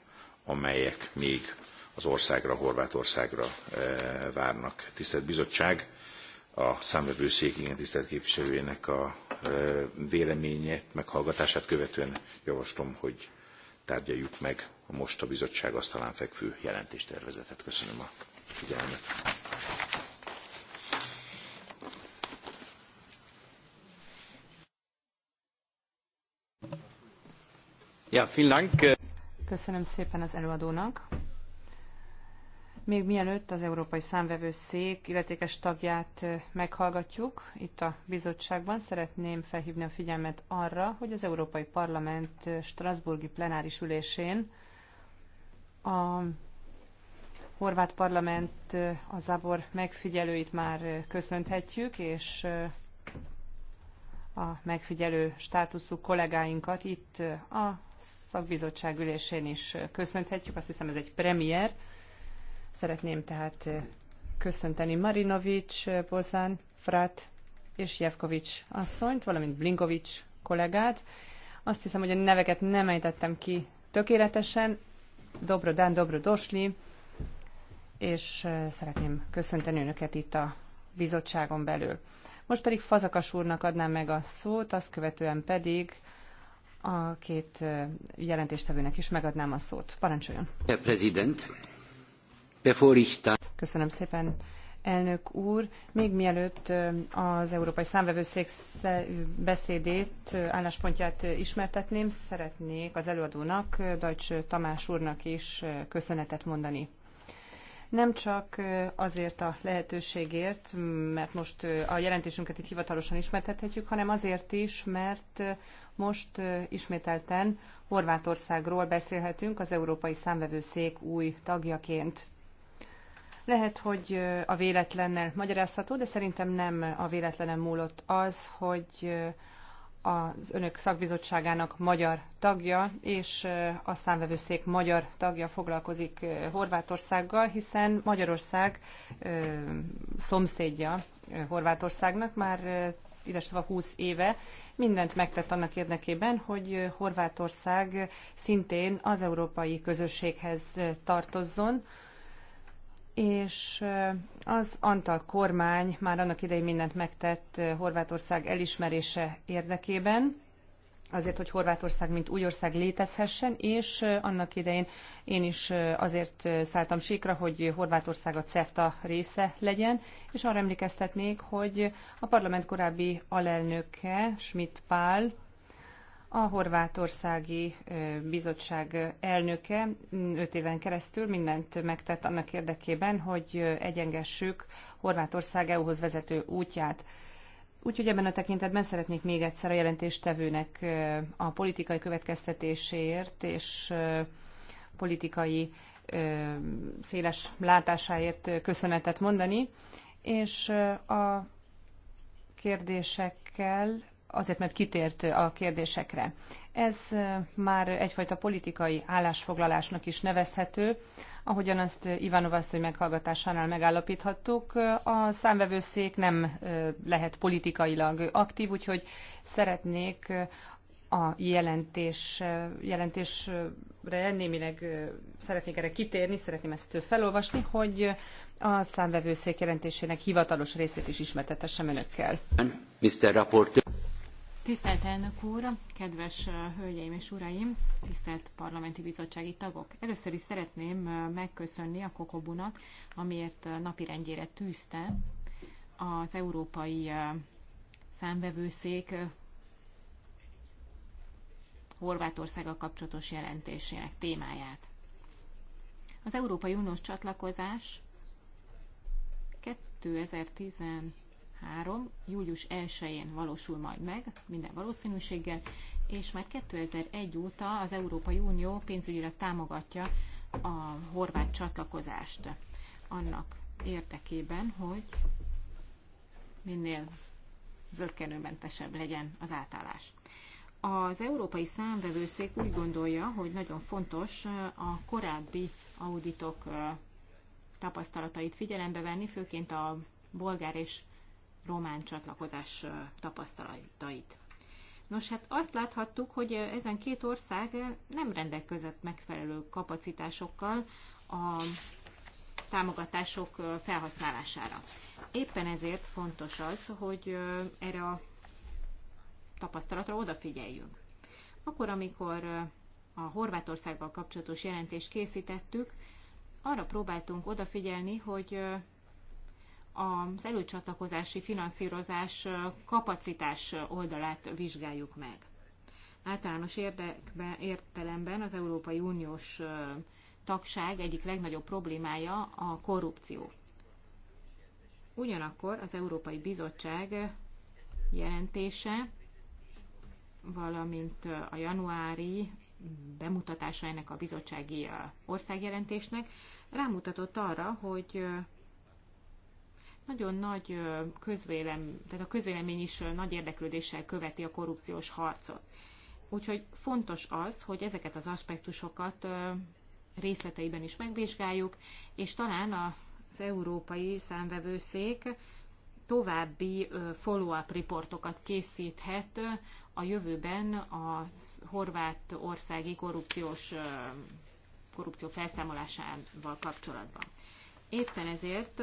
Speaker 4: amelyek még az országra, Horvátországra várnak. Tisztelt Bizottság, a számvevőszék igen tisztelt képviselőjének a véleményét, meghallgatását követően javaslom, hogy tárgyaljuk meg a most a bizottság asztalán fekvő jelentéstervezetet. Köszönöm a figyelmet.
Speaker 1: Ja, vielen Dank. Äh.
Speaker 2: Köszönöm szépen az előadónak. Még mielőtt az Európai Számvevőszék illetékes tagját meghallgatjuk itt a bizottságban, szeretném felhívni a figyelmet arra, hogy az Európai Parlament Strasburgi plenáris ülésén a horvát parlament az Zabor megfigyelőit már köszönhetjük, és a megfigyelő státuszú kollégáinkat itt a szakbizottság ülésén is köszönhetjük. Azt hiszem ez egy premier, Szeretném tehát eh, köszönteni Marinovics, eh, Bozán, Frát és Jevkovics asszonyt, valamint Blinkovics kollégát. Azt hiszem, hogy a neveket nem ejtettem ki tökéletesen. Dobro Dán, Dobro Dosli, és eh, szeretném köszönteni önöket itt a bizottságon belül. Most pedig Fazakas úrnak adnám meg a szót, azt követően pedig a két jelentéstevőnek is megadnám a szót. Parancsoljon! Herr Präsident, Köszönöm szépen, elnök úr. Még mielőtt az Európai Számvevőszék beszédét, álláspontját ismertetném, szeretnék az előadónak, Deutsch Tamás úrnak is köszönetet mondani nem csak azért a lehetőségért, mert most a jelentésünket itt hivatalosan ismertethetjük, hanem azért is, mert most ismételten Horvátországról beszélhetünk az Európai Számvevőszék új tagjaként. Lehet, hogy a véletlennel magyarázható, de szerintem nem a véletlenen múlott az, hogy az önök szakbizottságának magyar tagja és a számvevőszék magyar tagja foglalkozik Horvátországgal, hiszen Magyarország szomszédja Horvátországnak már idesova szóval 20 éve mindent megtett annak érdekében, hogy Horvátország szintén az európai közösséghez tartozzon, és az Antal kormány már annak idején mindent megtett Horvátország elismerése érdekében, azért, hogy Horvátország, mint új ország létezhessen, és annak idején én is azért szálltam síkra, hogy Horvátország a CEFTA része legyen, és arra emlékeztetnék, hogy a parlament korábbi alelnöke, Schmidt Pál, a horvátországi bizottság elnöke öt éven keresztül mindent megtett annak érdekében, hogy egyengessük Horvátország EU-hoz vezető útját. Úgyhogy ebben a tekintetben szeretnék még egyszer a jelentéstevőnek a politikai következtetéséért és politikai széles látásáért köszönetet mondani, és a kérdésekkel azért, mert kitért a kérdésekre. Ez már egyfajta politikai állásfoglalásnak is nevezhető. Ahogyan azt Ivanov asszony meghallgatásánál megállapíthattuk, a számvevőszék nem lehet politikailag aktív, úgyhogy szeretnék a jelentés, jelentésre némileg szeretnék erre kitérni, szeretném ezt felolvasni, hogy a számvevőszék jelentésének hivatalos részét is ismertetessem önökkel.
Speaker 4: Mr. Rapport.
Speaker 3: Tisztelt elnök úr, kedves hölgyeim és uraim, tisztelt parlamenti bizottsági tagok! Először is szeretném megköszönni a Kokobunak, amiért napirendjére tűzte az Európai Számvevőszék Horvátországgal kapcsolatos jelentésének témáját. Az Európai Uniós csatlakozás 2010 3. július 1-én valósul majd meg, minden valószínűséggel, és már 2001 óta az Európai Unió pénzügyileg támogatja a horvát csatlakozást annak érdekében, hogy minél zöggenőmentesebb legyen az átállás. Az Európai Számvevőszék úgy gondolja, hogy nagyon fontos a korábbi auditok tapasztalatait figyelembe venni, főként a bolgár és román csatlakozás tapasztalatait. Nos, hát azt láthattuk, hogy ezen két ország nem rendelkezett megfelelő kapacitásokkal a támogatások felhasználására. Éppen ezért fontos az, hogy erre a tapasztalatra odafigyeljünk. Akkor, amikor a Horvátországgal kapcsolatos jelentést készítettük, arra próbáltunk odafigyelni, hogy az előcsatlakozási finanszírozás kapacitás oldalát vizsgáljuk meg. Általános érdekben, értelemben az Európai Uniós tagság egyik legnagyobb problémája a korrupció. Ugyanakkor az Európai Bizottság jelentése, valamint a januári bemutatása ennek a bizottsági országjelentésnek rámutatott arra, hogy nagyon nagy közvélem, tehát a közvélemény is nagy érdeklődéssel követi a korrupciós harcot. Úgyhogy fontos az, hogy ezeket az aspektusokat részleteiben is megvizsgáljuk, és talán az Európai Számvevőszék további follow-up riportokat készíthet a jövőben a horvát országi korrupciós korrupció felszámolásával kapcsolatban. Éppen ezért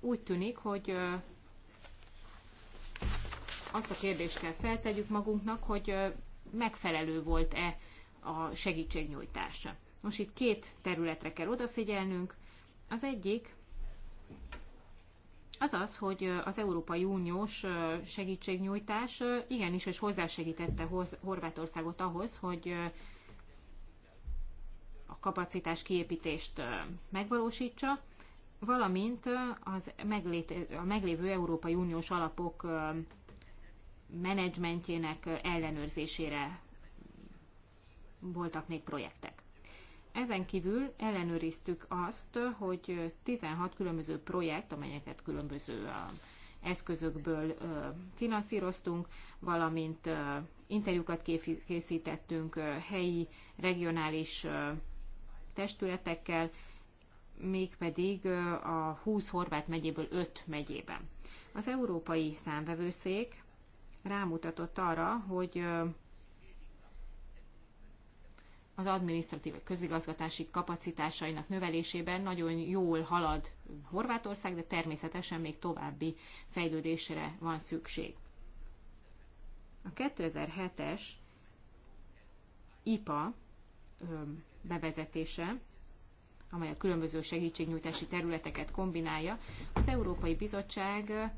Speaker 3: úgy tűnik, hogy azt a kérdést kell feltegyük magunknak, hogy megfelelő volt-e a segítségnyújtása. Most itt két területre kell odafigyelnünk. Az egyik az az, hogy az Európai Uniós segítségnyújtás igenis, és hozzásegítette Horvátországot ahhoz, hogy a kapacitás kiépítést megvalósítsa, valamint az meglét, a meglévő Európai Uniós alapok menedzsmentjének ellenőrzésére voltak még projektek. Ezen kívül ellenőriztük azt, hogy 16 különböző projekt, amelyeket különböző eszközökből finanszíroztunk, valamint interjúkat készítettünk helyi, regionális testületekkel, mégpedig a 20 horvát megyéből 5 megyében. Az Európai Számvevőszék rámutatott arra, hogy az adminisztratív közigazgatási kapacitásainak növelésében nagyon jól halad Horvátország, de természetesen még további fejlődésre van szükség. A 2007-es IPA bevezetése amely a különböző segítségnyújtási területeket kombinálja, az Európai Bizottság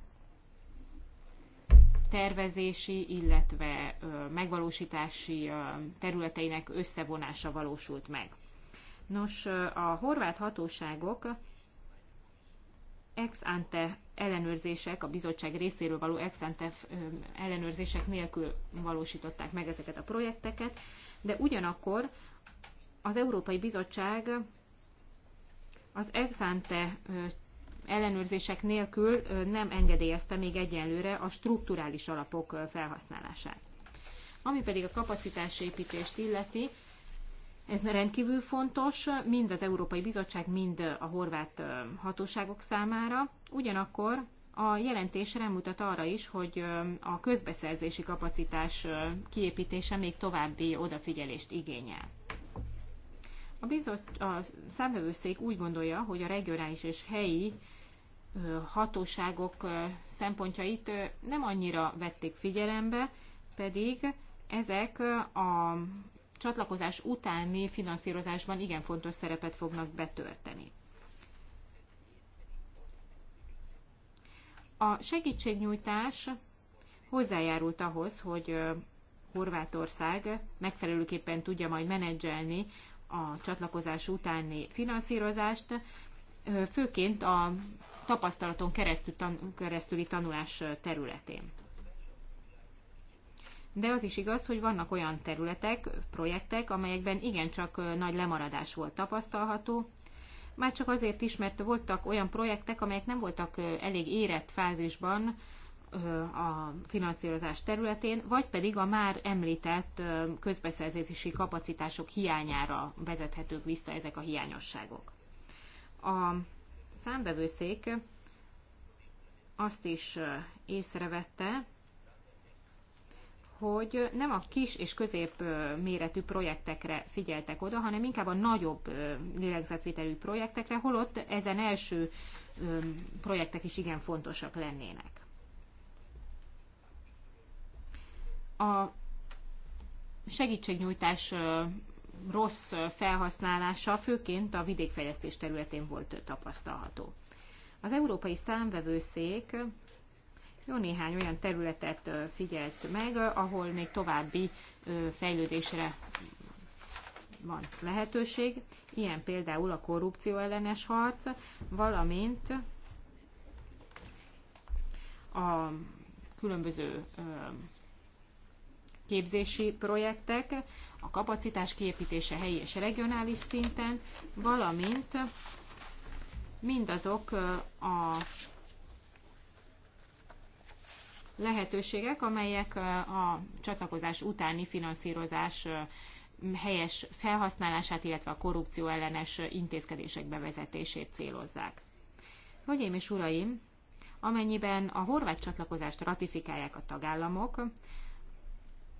Speaker 3: tervezési, illetve megvalósítási területeinek összevonása valósult meg. Nos, a horvát hatóságok ex ante ellenőrzések, a bizottság részéről való ex ante ellenőrzések nélkül valósították meg ezeket a projekteket, de ugyanakkor az Európai Bizottság az exante ellenőrzések nélkül nem engedélyezte még egyelőre a strukturális alapok felhasználását. Ami pedig a kapacitásépítést illeti, ez rendkívül fontos, mind az Európai Bizottság, mind a horvát hatóságok számára. Ugyanakkor a jelentés rámutat arra is, hogy a közbeszerzési kapacitás kiépítése még további odafigyelést igényel. A, bizot, a számvevőszék úgy gondolja, hogy a regionális és helyi hatóságok szempontjait nem annyira vették figyelembe, pedig ezek a csatlakozás utáni finanszírozásban igen fontos szerepet fognak betölteni. A segítségnyújtás hozzájárult ahhoz, hogy Horvátország megfelelőképpen tudja majd menedzselni a csatlakozás utáni finanszírozást, főként a tapasztalaton keresztül, tan- keresztüli tanulás területén. De az is igaz, hogy vannak olyan területek, projektek, amelyekben igencsak nagy lemaradás volt tapasztalható, már csak azért is, mert voltak olyan projektek, amelyek nem voltak elég érett fázisban a finanszírozás területén, vagy pedig a már említett közbeszerzési kapacitások hiányára vezethetők vissza ezek a hiányosságok. A számbevőszék azt is észrevette, hogy nem a kis és közép méretű projektekre figyeltek oda, hanem inkább a nagyobb lélegzetvételű projektekre, holott ezen első projektek is igen fontosak lennének. a segítségnyújtás rossz felhasználása főként a vidékfejlesztés területén volt tapasztalható. Az Európai Számvevőszék jó néhány olyan területet figyelt meg, ahol még további fejlődésre van lehetőség, ilyen például a korrupció ellenes harc, valamint a különböző képzési projektek, a kapacitás kiépítése helyi és regionális szinten, valamint mindazok a lehetőségek, amelyek a csatlakozás utáni finanszírozás helyes felhasználását, illetve a korrupció ellenes intézkedések bevezetését célozzák. Hölgyeim és uraim, amennyiben a horvát csatlakozást ratifikálják a tagállamok,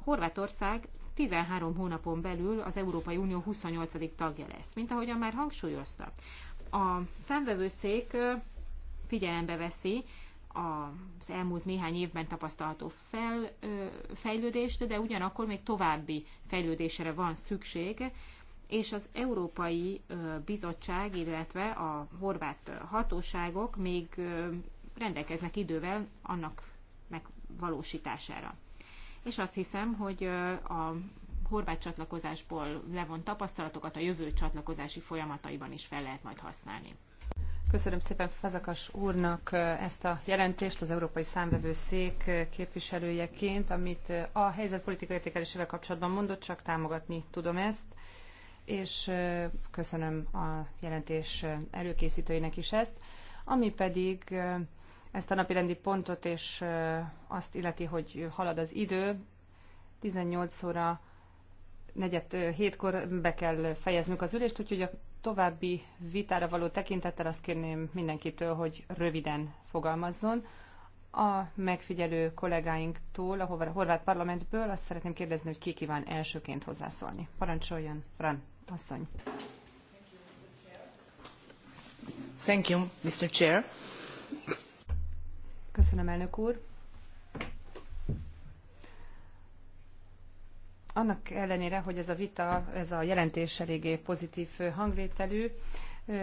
Speaker 3: Horvátország 13 hónapon belül az Európai Unió 28. tagja lesz, mint ahogyan már hangsúlyozta. A számvevőszék figyelembe veszi az elmúlt néhány évben tapasztalható fel, fejlődést, de ugyanakkor még további fejlődésre van szükség, és az Európai Bizottság, illetve a horvát hatóságok még rendelkeznek idővel annak megvalósítására és azt hiszem, hogy a horvát csatlakozásból levont tapasztalatokat a jövő csatlakozási folyamataiban is fel lehet majd használni.
Speaker 2: Köszönöm szépen Fazakas úrnak ezt a jelentést az Európai Számvevőszék képviselőjeként, amit a helyzet politikai értékelésével kapcsolatban mondott, csak támogatni tudom ezt, és köszönöm a jelentés előkészítőinek is ezt, ami pedig ezt a napirendi pontot, és azt illeti, hogy halad az idő. 18 óra negyed hétkor be kell fejeznünk az ülést, úgyhogy a további vitára való tekintettel azt kérném mindenkitől, hogy röviden fogalmazzon. A megfigyelő kollégáinktól, a horvát parlamentből azt szeretném kérdezni, hogy ki kíván elsőként hozzászólni. Parancsoljon, Fran, asszony. Thank you, Mr. Chair. Köszönöm, elnök úr. Annak ellenére, hogy ez a vita, ez a jelentés eléggé pozitív hangvételű,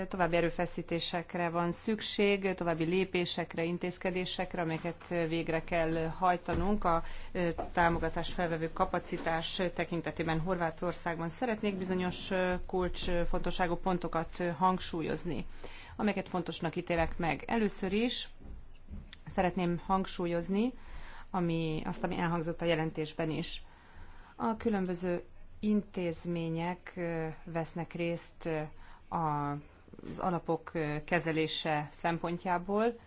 Speaker 2: további erőfeszítésekre van szükség, további lépésekre, intézkedésekre, amelyeket végre kell hajtanunk a támogatás felvevő kapacitás tekintetében Horvátországban. Szeretnék bizonyos fontosságú pontokat hangsúlyozni, amelyeket fontosnak ítélek meg. Először is szeretném hangsúlyozni, ami, azt, ami elhangzott a jelentésben is. A különböző intézmények vesznek részt az alapok kezelése szempontjából.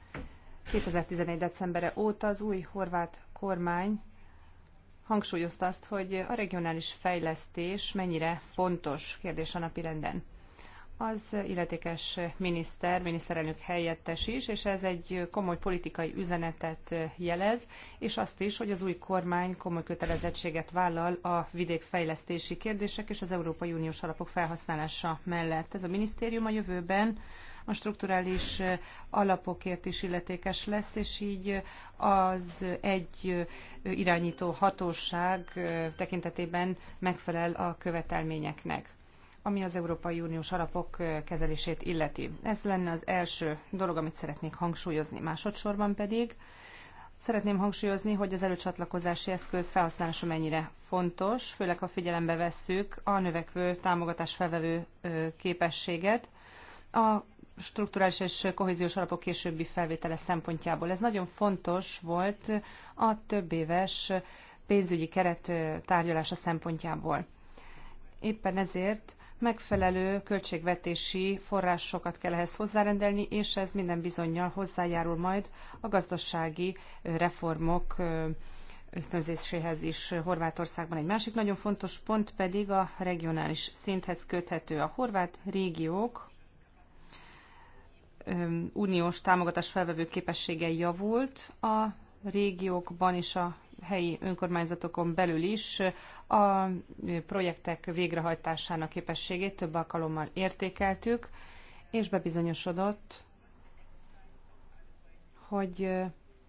Speaker 2: 2011. decemberre óta az új horvát kormány hangsúlyozta azt, hogy a regionális fejlesztés mennyire fontos kérdés a napirenden az illetékes miniszter, miniszterelnök helyettes is, és ez egy komoly politikai üzenetet jelez, és azt is, hogy az új kormány komoly kötelezettséget vállal a vidékfejlesztési kérdések és az Európai Uniós alapok felhasználása mellett. Ez a minisztérium a jövőben a strukturális alapokért is illetékes lesz, és így az egy irányító hatóság tekintetében megfelel a követelményeknek ami az Európai Uniós alapok kezelését illeti. Ez lenne az első dolog, amit szeretnék hangsúlyozni. Másodszorban pedig Szeretném hangsúlyozni, hogy az előcsatlakozási eszköz felhasználása mennyire fontos, főleg ha figyelembe vesszük a növekvő támogatás felvevő képességet a strukturális és kohéziós alapok későbbi felvétele szempontjából. Ez nagyon fontos volt a több éves pénzügyi keret tárgyalása szempontjából. Éppen ezért megfelelő költségvetési forrásokat kell ehhez hozzárendelni, és ez minden bizonyal hozzájárul majd a gazdasági reformok ösztönzéséhez is Horvátországban. Egy másik nagyon fontos pont pedig a regionális szinthez köthető. A horvát régiók uniós támogatás felvevő képessége javult a régiókban és a helyi önkormányzatokon belül is a projektek végrehajtásának képességét több alkalommal értékeltük, és bebizonyosodott, hogy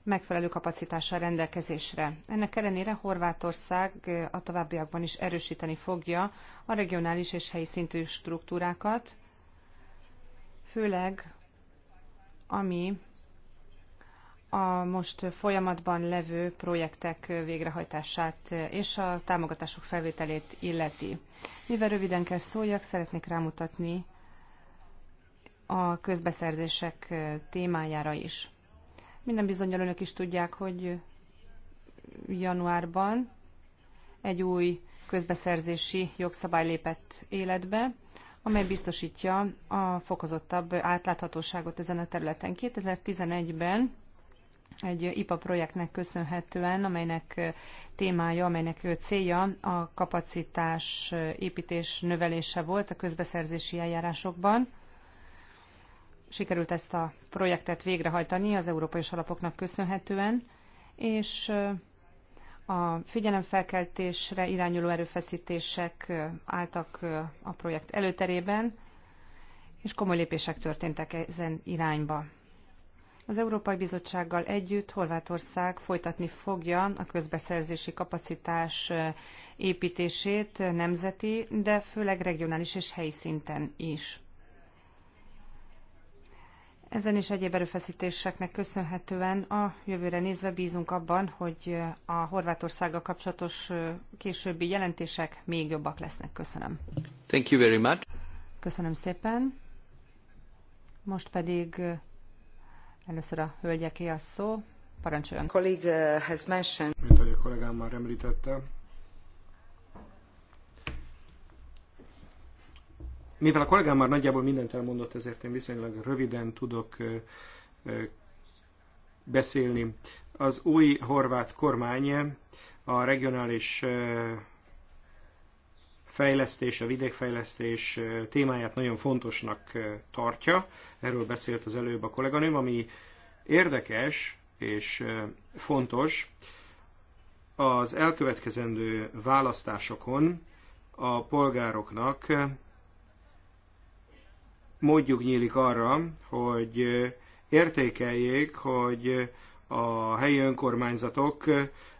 Speaker 2: megfelelő kapacitással rendelkezésre. Ennek ellenére Horvátország a továbbiakban is erősíteni fogja a regionális és helyi szintű struktúrákat, főleg ami a most folyamatban levő projektek végrehajtását és a támogatások felvételét illeti. Mivel röviden kell szóljak, szeretnék rámutatni a közbeszerzések témájára is. Minden bizonyal önök is tudják, hogy januárban egy új közbeszerzési jogszabály lépett életbe, amely biztosítja a fokozottabb átláthatóságot ezen a területen. 2011-ben egy IPA projektnek köszönhetően, amelynek témája, amelynek célja a kapacitás építés növelése volt a közbeszerzési eljárásokban. Sikerült ezt a projektet végrehajtani az európai alapoknak köszönhetően, és a figyelemfelkeltésre irányuló erőfeszítések álltak a projekt előterében, és komoly lépések történtek ezen irányba. Az Európai Bizottsággal együtt Horvátország folytatni fogja a közbeszerzési kapacitás építését nemzeti, de főleg regionális és helyi szinten is. Ezen és egyéb erőfeszítéseknek köszönhetően a jövőre nézve bízunk abban, hogy a Horvátországgal kapcsolatos későbbi jelentések még jobbak lesznek. Köszönöm.
Speaker 4: Thank you very much.
Speaker 2: Köszönöm szépen. Most pedig Először a hölgyeké a szó. Parancsoljon.
Speaker 1: Mint ahogy a kollégám már említette, mivel a kollégám már nagyjából mindent elmondott, ezért én viszonylag röviden tudok beszélni. Az új horvát kormány a regionális fejlesztés, a vidékfejlesztés témáját nagyon fontosnak tartja. Erről beszélt az előbb a kolléganőm, ami érdekes és fontos. Az elkövetkezendő választásokon a polgároknak módjuk nyílik arra, hogy értékeljék, hogy a helyi önkormányzatok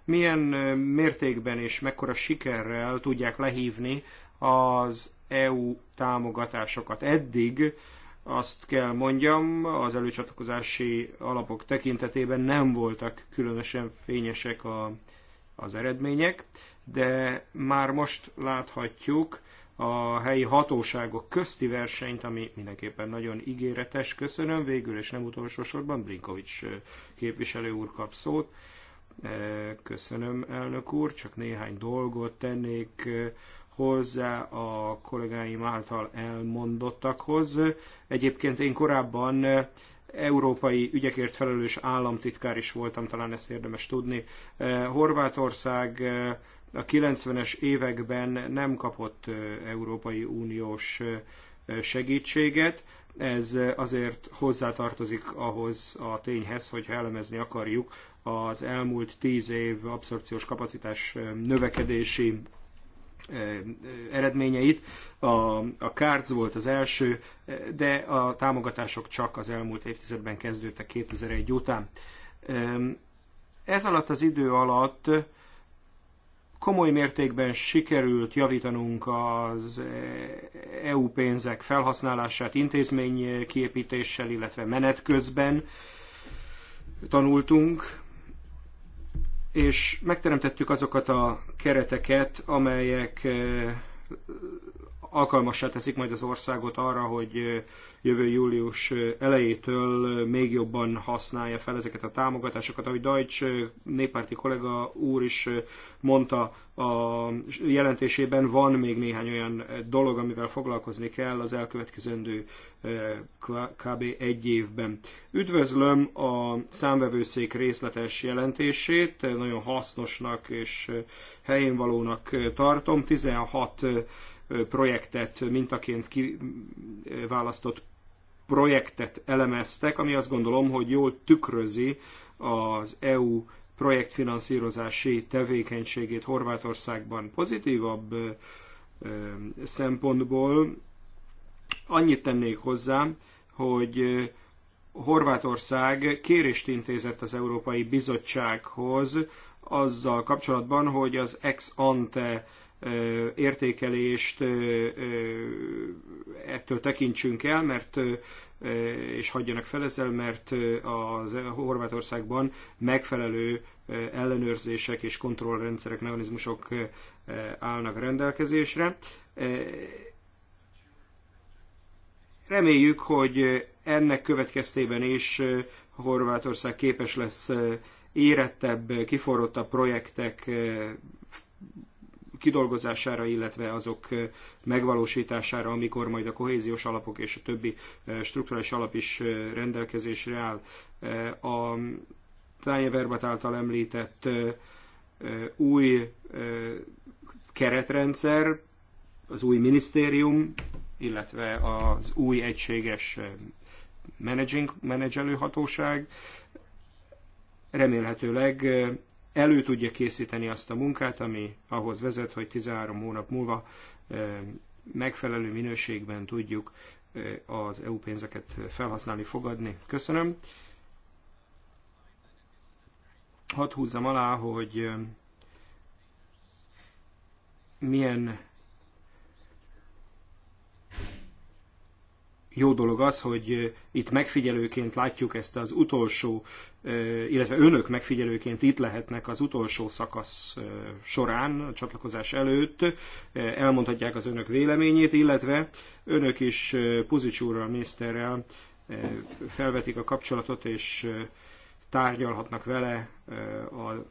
Speaker 1: milyen mértékben és mekkora sikerrel tudják lehívni az EU támogatásokat. Eddig azt kell mondjam, az előcsatlakozási alapok tekintetében nem voltak különösen fényesek a, az eredmények, de már most láthatjuk a helyi hatóságok közti versenyt, ami mindenképpen nagyon ígéretes. Köszönöm végül, és nem utolsó sorban Brinkovics képviselő úr kap szót. Köszönöm, elnök úr, csak néhány dolgot tennék hozzá a kollégáim által elmondottakhoz. Egyébként én korábban európai ügyekért felelős államtitkár is voltam, talán ezt érdemes tudni. Horvátország a 90-es években nem kapott Európai Uniós segítséget. Ez azért hozzátartozik ahhoz a tényhez, hogyha elemezni akarjuk, az elmúlt tíz év abszorpciós kapacitás növekedési eredményeit. A, a Kárc volt az első, de a támogatások csak az elmúlt évtizedben kezdődtek 2001 után. Ez alatt az idő alatt komoly mértékben sikerült javítanunk az EU pénzek felhasználását intézmény kiépítéssel, illetve menet közben tanultunk, és megteremtettük azokat a kereteket, amelyek eh, alkalmassá teszik majd az országot arra, hogy jövő július elejétől még jobban használja fel ezeket a támogatásokat. Ahogy Deutsch néppárti kollega úr is mondta a jelentésében, van még néhány olyan dolog, amivel foglalkozni kell az elkövetkezendő kb. egy évben. Üdvözlöm a számvevőszék részletes jelentését, nagyon hasznosnak és helyénvalónak tartom. 16 projektet, mintaként kiválasztott projektet elemeztek, ami azt gondolom, hogy jól tükrözi az EU projektfinanszírozási tevékenységét Horvátországban pozitívabb szempontból. Annyit tennék hozzá, hogy Horvátország kérést intézett az Európai Bizottsághoz azzal kapcsolatban, hogy az ex ante értékelést ettől tekintsünk el, mert és hagyjanak fel ezzel, mert az Horvátországban megfelelő ellenőrzések és kontrollrendszerek, mechanizmusok állnak rendelkezésre. Reméljük, hogy ennek következtében is Horvátország képes lesz érettebb, kiforrottabb projektek kidolgozására, illetve azok megvalósítására, amikor majd a kohéziós alapok és a többi strukturális alap is rendelkezésre áll. A Tánye Verbat által említett új keretrendszer, az új minisztérium, illetve az új egységes managing, menedzselőhatóság remélhetőleg elő tudja készíteni azt a munkát, ami ahhoz vezet, hogy 13 hónap múlva megfelelő minőségben tudjuk az EU pénzeket felhasználni, fogadni. Köszönöm. Hadd húzzam alá, hogy milyen jó dolog az, hogy itt megfigyelőként látjuk ezt az utolsó, illetve önök megfigyelőként itt lehetnek az utolsó szakasz során, a csatlakozás előtt, elmondhatják az önök véleményét, illetve önök is Puzics úrral, miniszterrel felvetik a kapcsolatot, és tárgyalhatnak vele a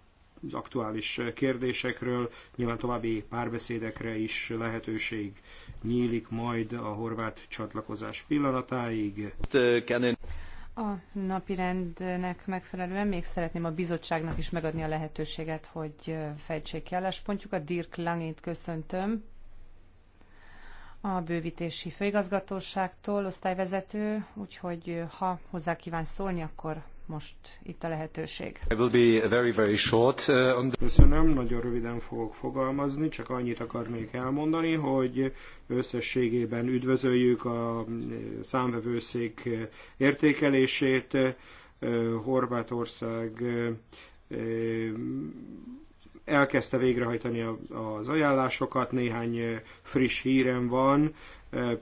Speaker 1: az aktuális kérdésekről. Nyilván további párbeszédekre is lehetőség nyílik majd a horvát csatlakozás pillanatáig.
Speaker 2: A napirendnek megfelelően még szeretném a bizottságnak is megadni a lehetőséget, hogy fejtsék ki álláspontjukat. Dirk Langét köszöntöm a bővítési főigazgatóságtól osztályvezető, úgyhogy ha hozzá kíván szólni, akkor most itt a lehetőség.
Speaker 1: I will be very, very short, uh, Köszönöm, nagyon röviden fogok fogalmazni, csak annyit akarnék elmondani, hogy összességében üdvözöljük a eh, számvevőszék eh, értékelését. Eh, Horvátország elkezdte végrehajtani az ajánlásokat, néhány friss hírem van,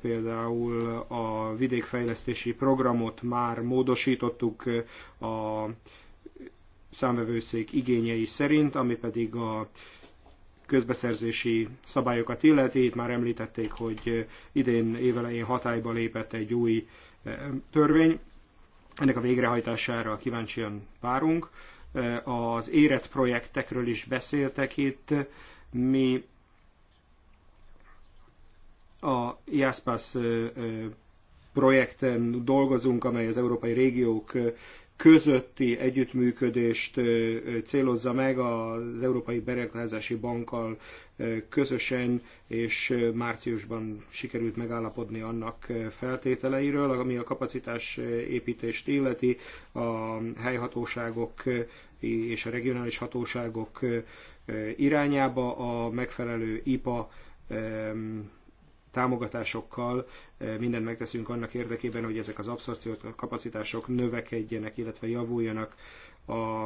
Speaker 1: például a vidékfejlesztési programot már módosítottuk a számvevőszék igényei szerint, ami pedig a közbeszerzési szabályokat illeti. Itt már említették, hogy idén évelején hatályba lépett egy új eh, törvény. Ennek a végrehajtására kíváncsian várunk. Eh, az érett projektekről is beszéltek itt. Mi a JASPAS projekten dolgozunk, amely az európai régiók közötti együttműködést célozza meg az Európai Beruházási Bankkal közösen, és márciusban sikerült megállapodni annak feltételeiről, ami a kapacitás építést illeti, a helyhatóságok és a regionális hatóságok irányába a megfelelő IPA támogatásokkal e, mindent megteszünk annak érdekében, hogy ezek az abszorciót kapacitások növekedjenek, illetve javuljanak. A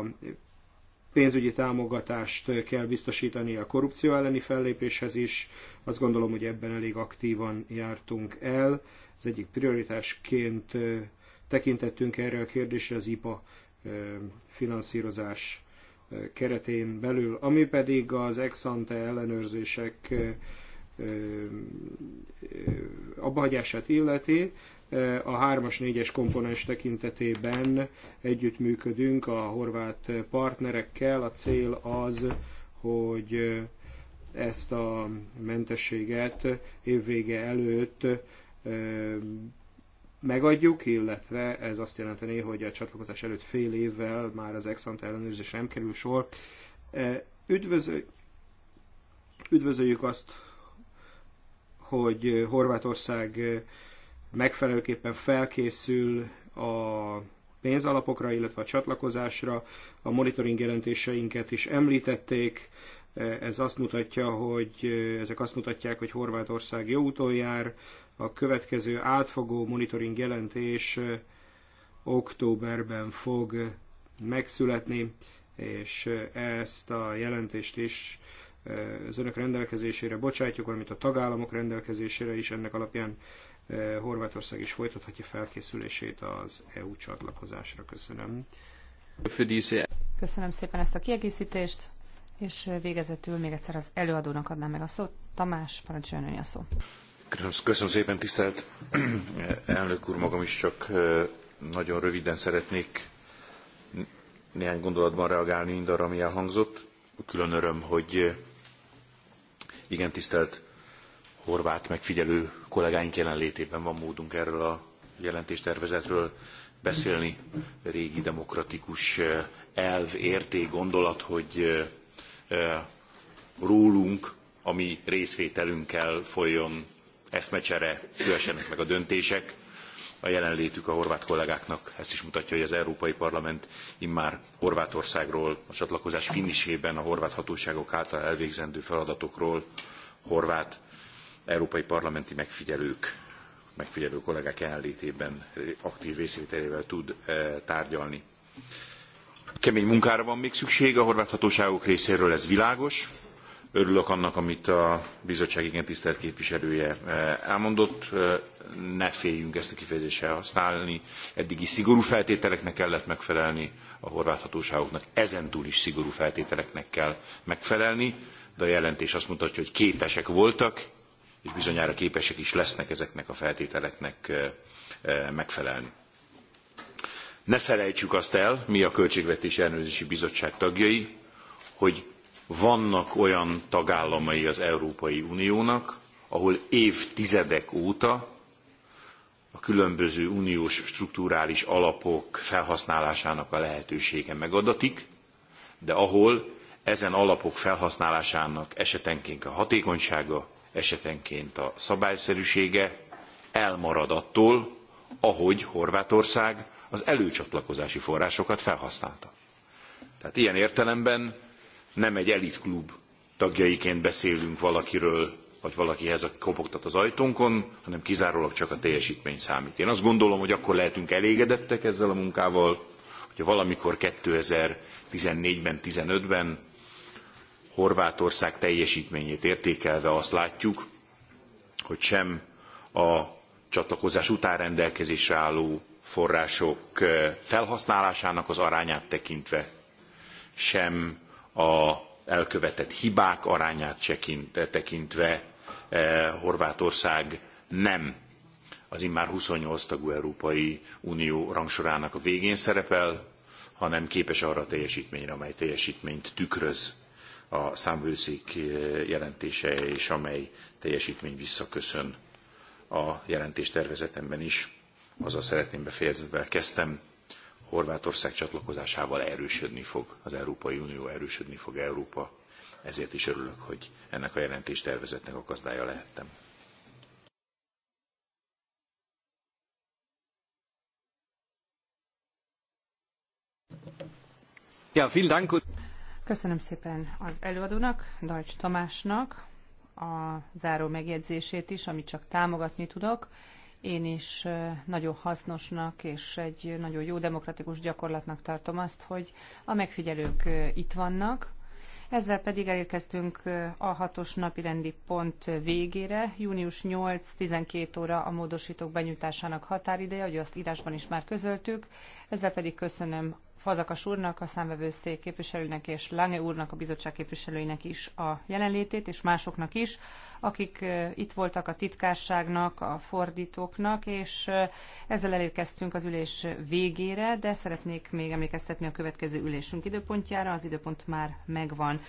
Speaker 1: pénzügyi támogatást kell biztosítani a korrupció elleni fellépéshez is. Azt gondolom, hogy ebben elég aktívan jártunk el. Az egyik prioritásként e, tekintettünk erre a kérdésre az IPA e, finanszírozás keretén belül, ami pedig az ex-ante ellenőrzések abbahagyását illeti, a 3-as, 4-es komponens tekintetében együttműködünk a horvát partnerekkel. A cél az, hogy ezt a mentességet évvége előtt megadjuk, illetve ez azt jelenteni, hogy a csatlakozás előtt fél évvel már az Exant ellenőrzés nem kerül sor. Üdvözöl... Üdvözöljük azt, hogy Horvátország megfelelőképpen felkészül a pénzalapokra, illetve a csatlakozásra. A monitoring jelentéseinket is említették. Ez azt mutatja, hogy ezek azt mutatják, hogy Horvátország jó úton jár. A következő átfogó monitoring jelentés októberben fog megszületni, és ezt a jelentést is az önök rendelkezésére bocsátjuk, valamint a tagállamok rendelkezésére is. Ennek alapján eh, Horvátország is folytathatja felkészülését az EU csatlakozásra. Köszönöm.
Speaker 2: Köszönöm szépen ezt a kiegészítést, és végezetül még egyszer az előadónak adnám meg a szót. Tamás, parancsoljon a szó.
Speaker 4: Köszönöm szépen, tisztelt eh, elnök úr, magam is csak eh, nagyon röviden szeretnék néhány gondolatban reagálni mindarra, ami elhangzott. Külön öröm, hogy igen tisztelt horvát megfigyelő kollégáink jelenlétében van módunk erről a jelentéstervezetről beszélni. Régi demokratikus eh, elv, érték, gondolat, hogy eh, eh, rólunk, a mi részvételünkkel folyjon eszmecsere, szülessenek meg a döntések a jelenlétük a horvát kollégáknak ezt is mutatja, hogy az Európai Parlament immár Horvátországról, a csatlakozás finisében a horvát hatóságok által elvégzendő feladatokról horvát európai parlamenti megfigyelők, megfigyelő kollégák jelenlétében eh, aktív részvételével tud eh, tárgyalni. Kemény munkára van még szükség a horvát hatóságok részéről, ez világos Örülök annak, amit a bizottság igen tisztelt képviselője eh, elmondott. Eh, ne féljünk ezt a kifejezéssel használni. Eddigi szigorú feltételeknek kellett megfelelni a horvát hatóságoknak, ezentúl is szigorú feltételeknek kell megfelelni, de a jelentés azt mutatja, hogy képesek voltak, és bizonyára képesek is lesznek ezeknek a feltételeknek eh, megfelelni. Ne felejtsük azt el, mi a Költségvetési Ellenőrzési Bizottság tagjai, hogy vannak olyan tagállamai az Európai Uniónak, ahol évtizedek óta a különböző uniós strukturális alapok felhasználásának a lehetősége megadatik, de ahol ezen alapok felhasználásának esetenként a hatékonysága, esetenként a szabályszerűsége elmarad attól, ahogy Horvátország az előcsatlakozási forrásokat felhasználta. Tehát ilyen értelemben nem egy elitklub tagjaiként beszélünk valakiről, vagy valakihez, aki kopogtat az ajtónkon, hanem kizárólag csak a teljesítmény számít. Én azt gondolom, hogy akkor lehetünk elégedettek ezzel a munkával, hogyha valamikor 2014-ben, 15-ben Horvátország teljesítményét értékelve azt látjuk, hogy sem a csatlakozás után rendelkezésre álló források eh, felhasználásának az arányát tekintve, sem a elkövetett hibák arányát tekintve eh, Horvátország nem az immár 28 tagú Európai Unió rangsorának a végén szerepel, hanem képes arra a teljesítményre, amely teljesítményt tükröz a számvőszék eh, jelentése, és amely teljesítmény visszaköszön a jelentés tervezetemben is. Azzal szeretném befejezetvel kezdtem, Horvátország csatlakozásával erősödni fog, az Európai Unió erősödni fog Európa, ezért is örülök, hogy ennek a jelentéstervezetnek a gazdája lehettem.
Speaker 2: Ja, vielen Dank. Köszönöm szépen az előadónak, Dajcs Tamásnak a záró megjegyzését is, amit csak támogatni tudok. Én is nagyon hasznosnak és egy nagyon jó demokratikus gyakorlatnak tartom azt, hogy a megfigyelők itt vannak, ezzel pedig elérkeztünk a hatos napi rendi pont végére. Június 8-12 óra a módosítók benyújtásának határideje, hogy azt írásban is már közöltük. Ezzel pedig köszönöm Fazakas úrnak, a számvevőszék képviselőnek és Lange úrnak, a bizottság képviselőinek is a jelenlétét, és másoknak is, akik itt voltak a titkárságnak, a fordítóknak, és ezzel elérkeztünk az ülés végére, de szeretnék még emlékeztetni a következő ülésünk időpontjára, az időpont már megvan.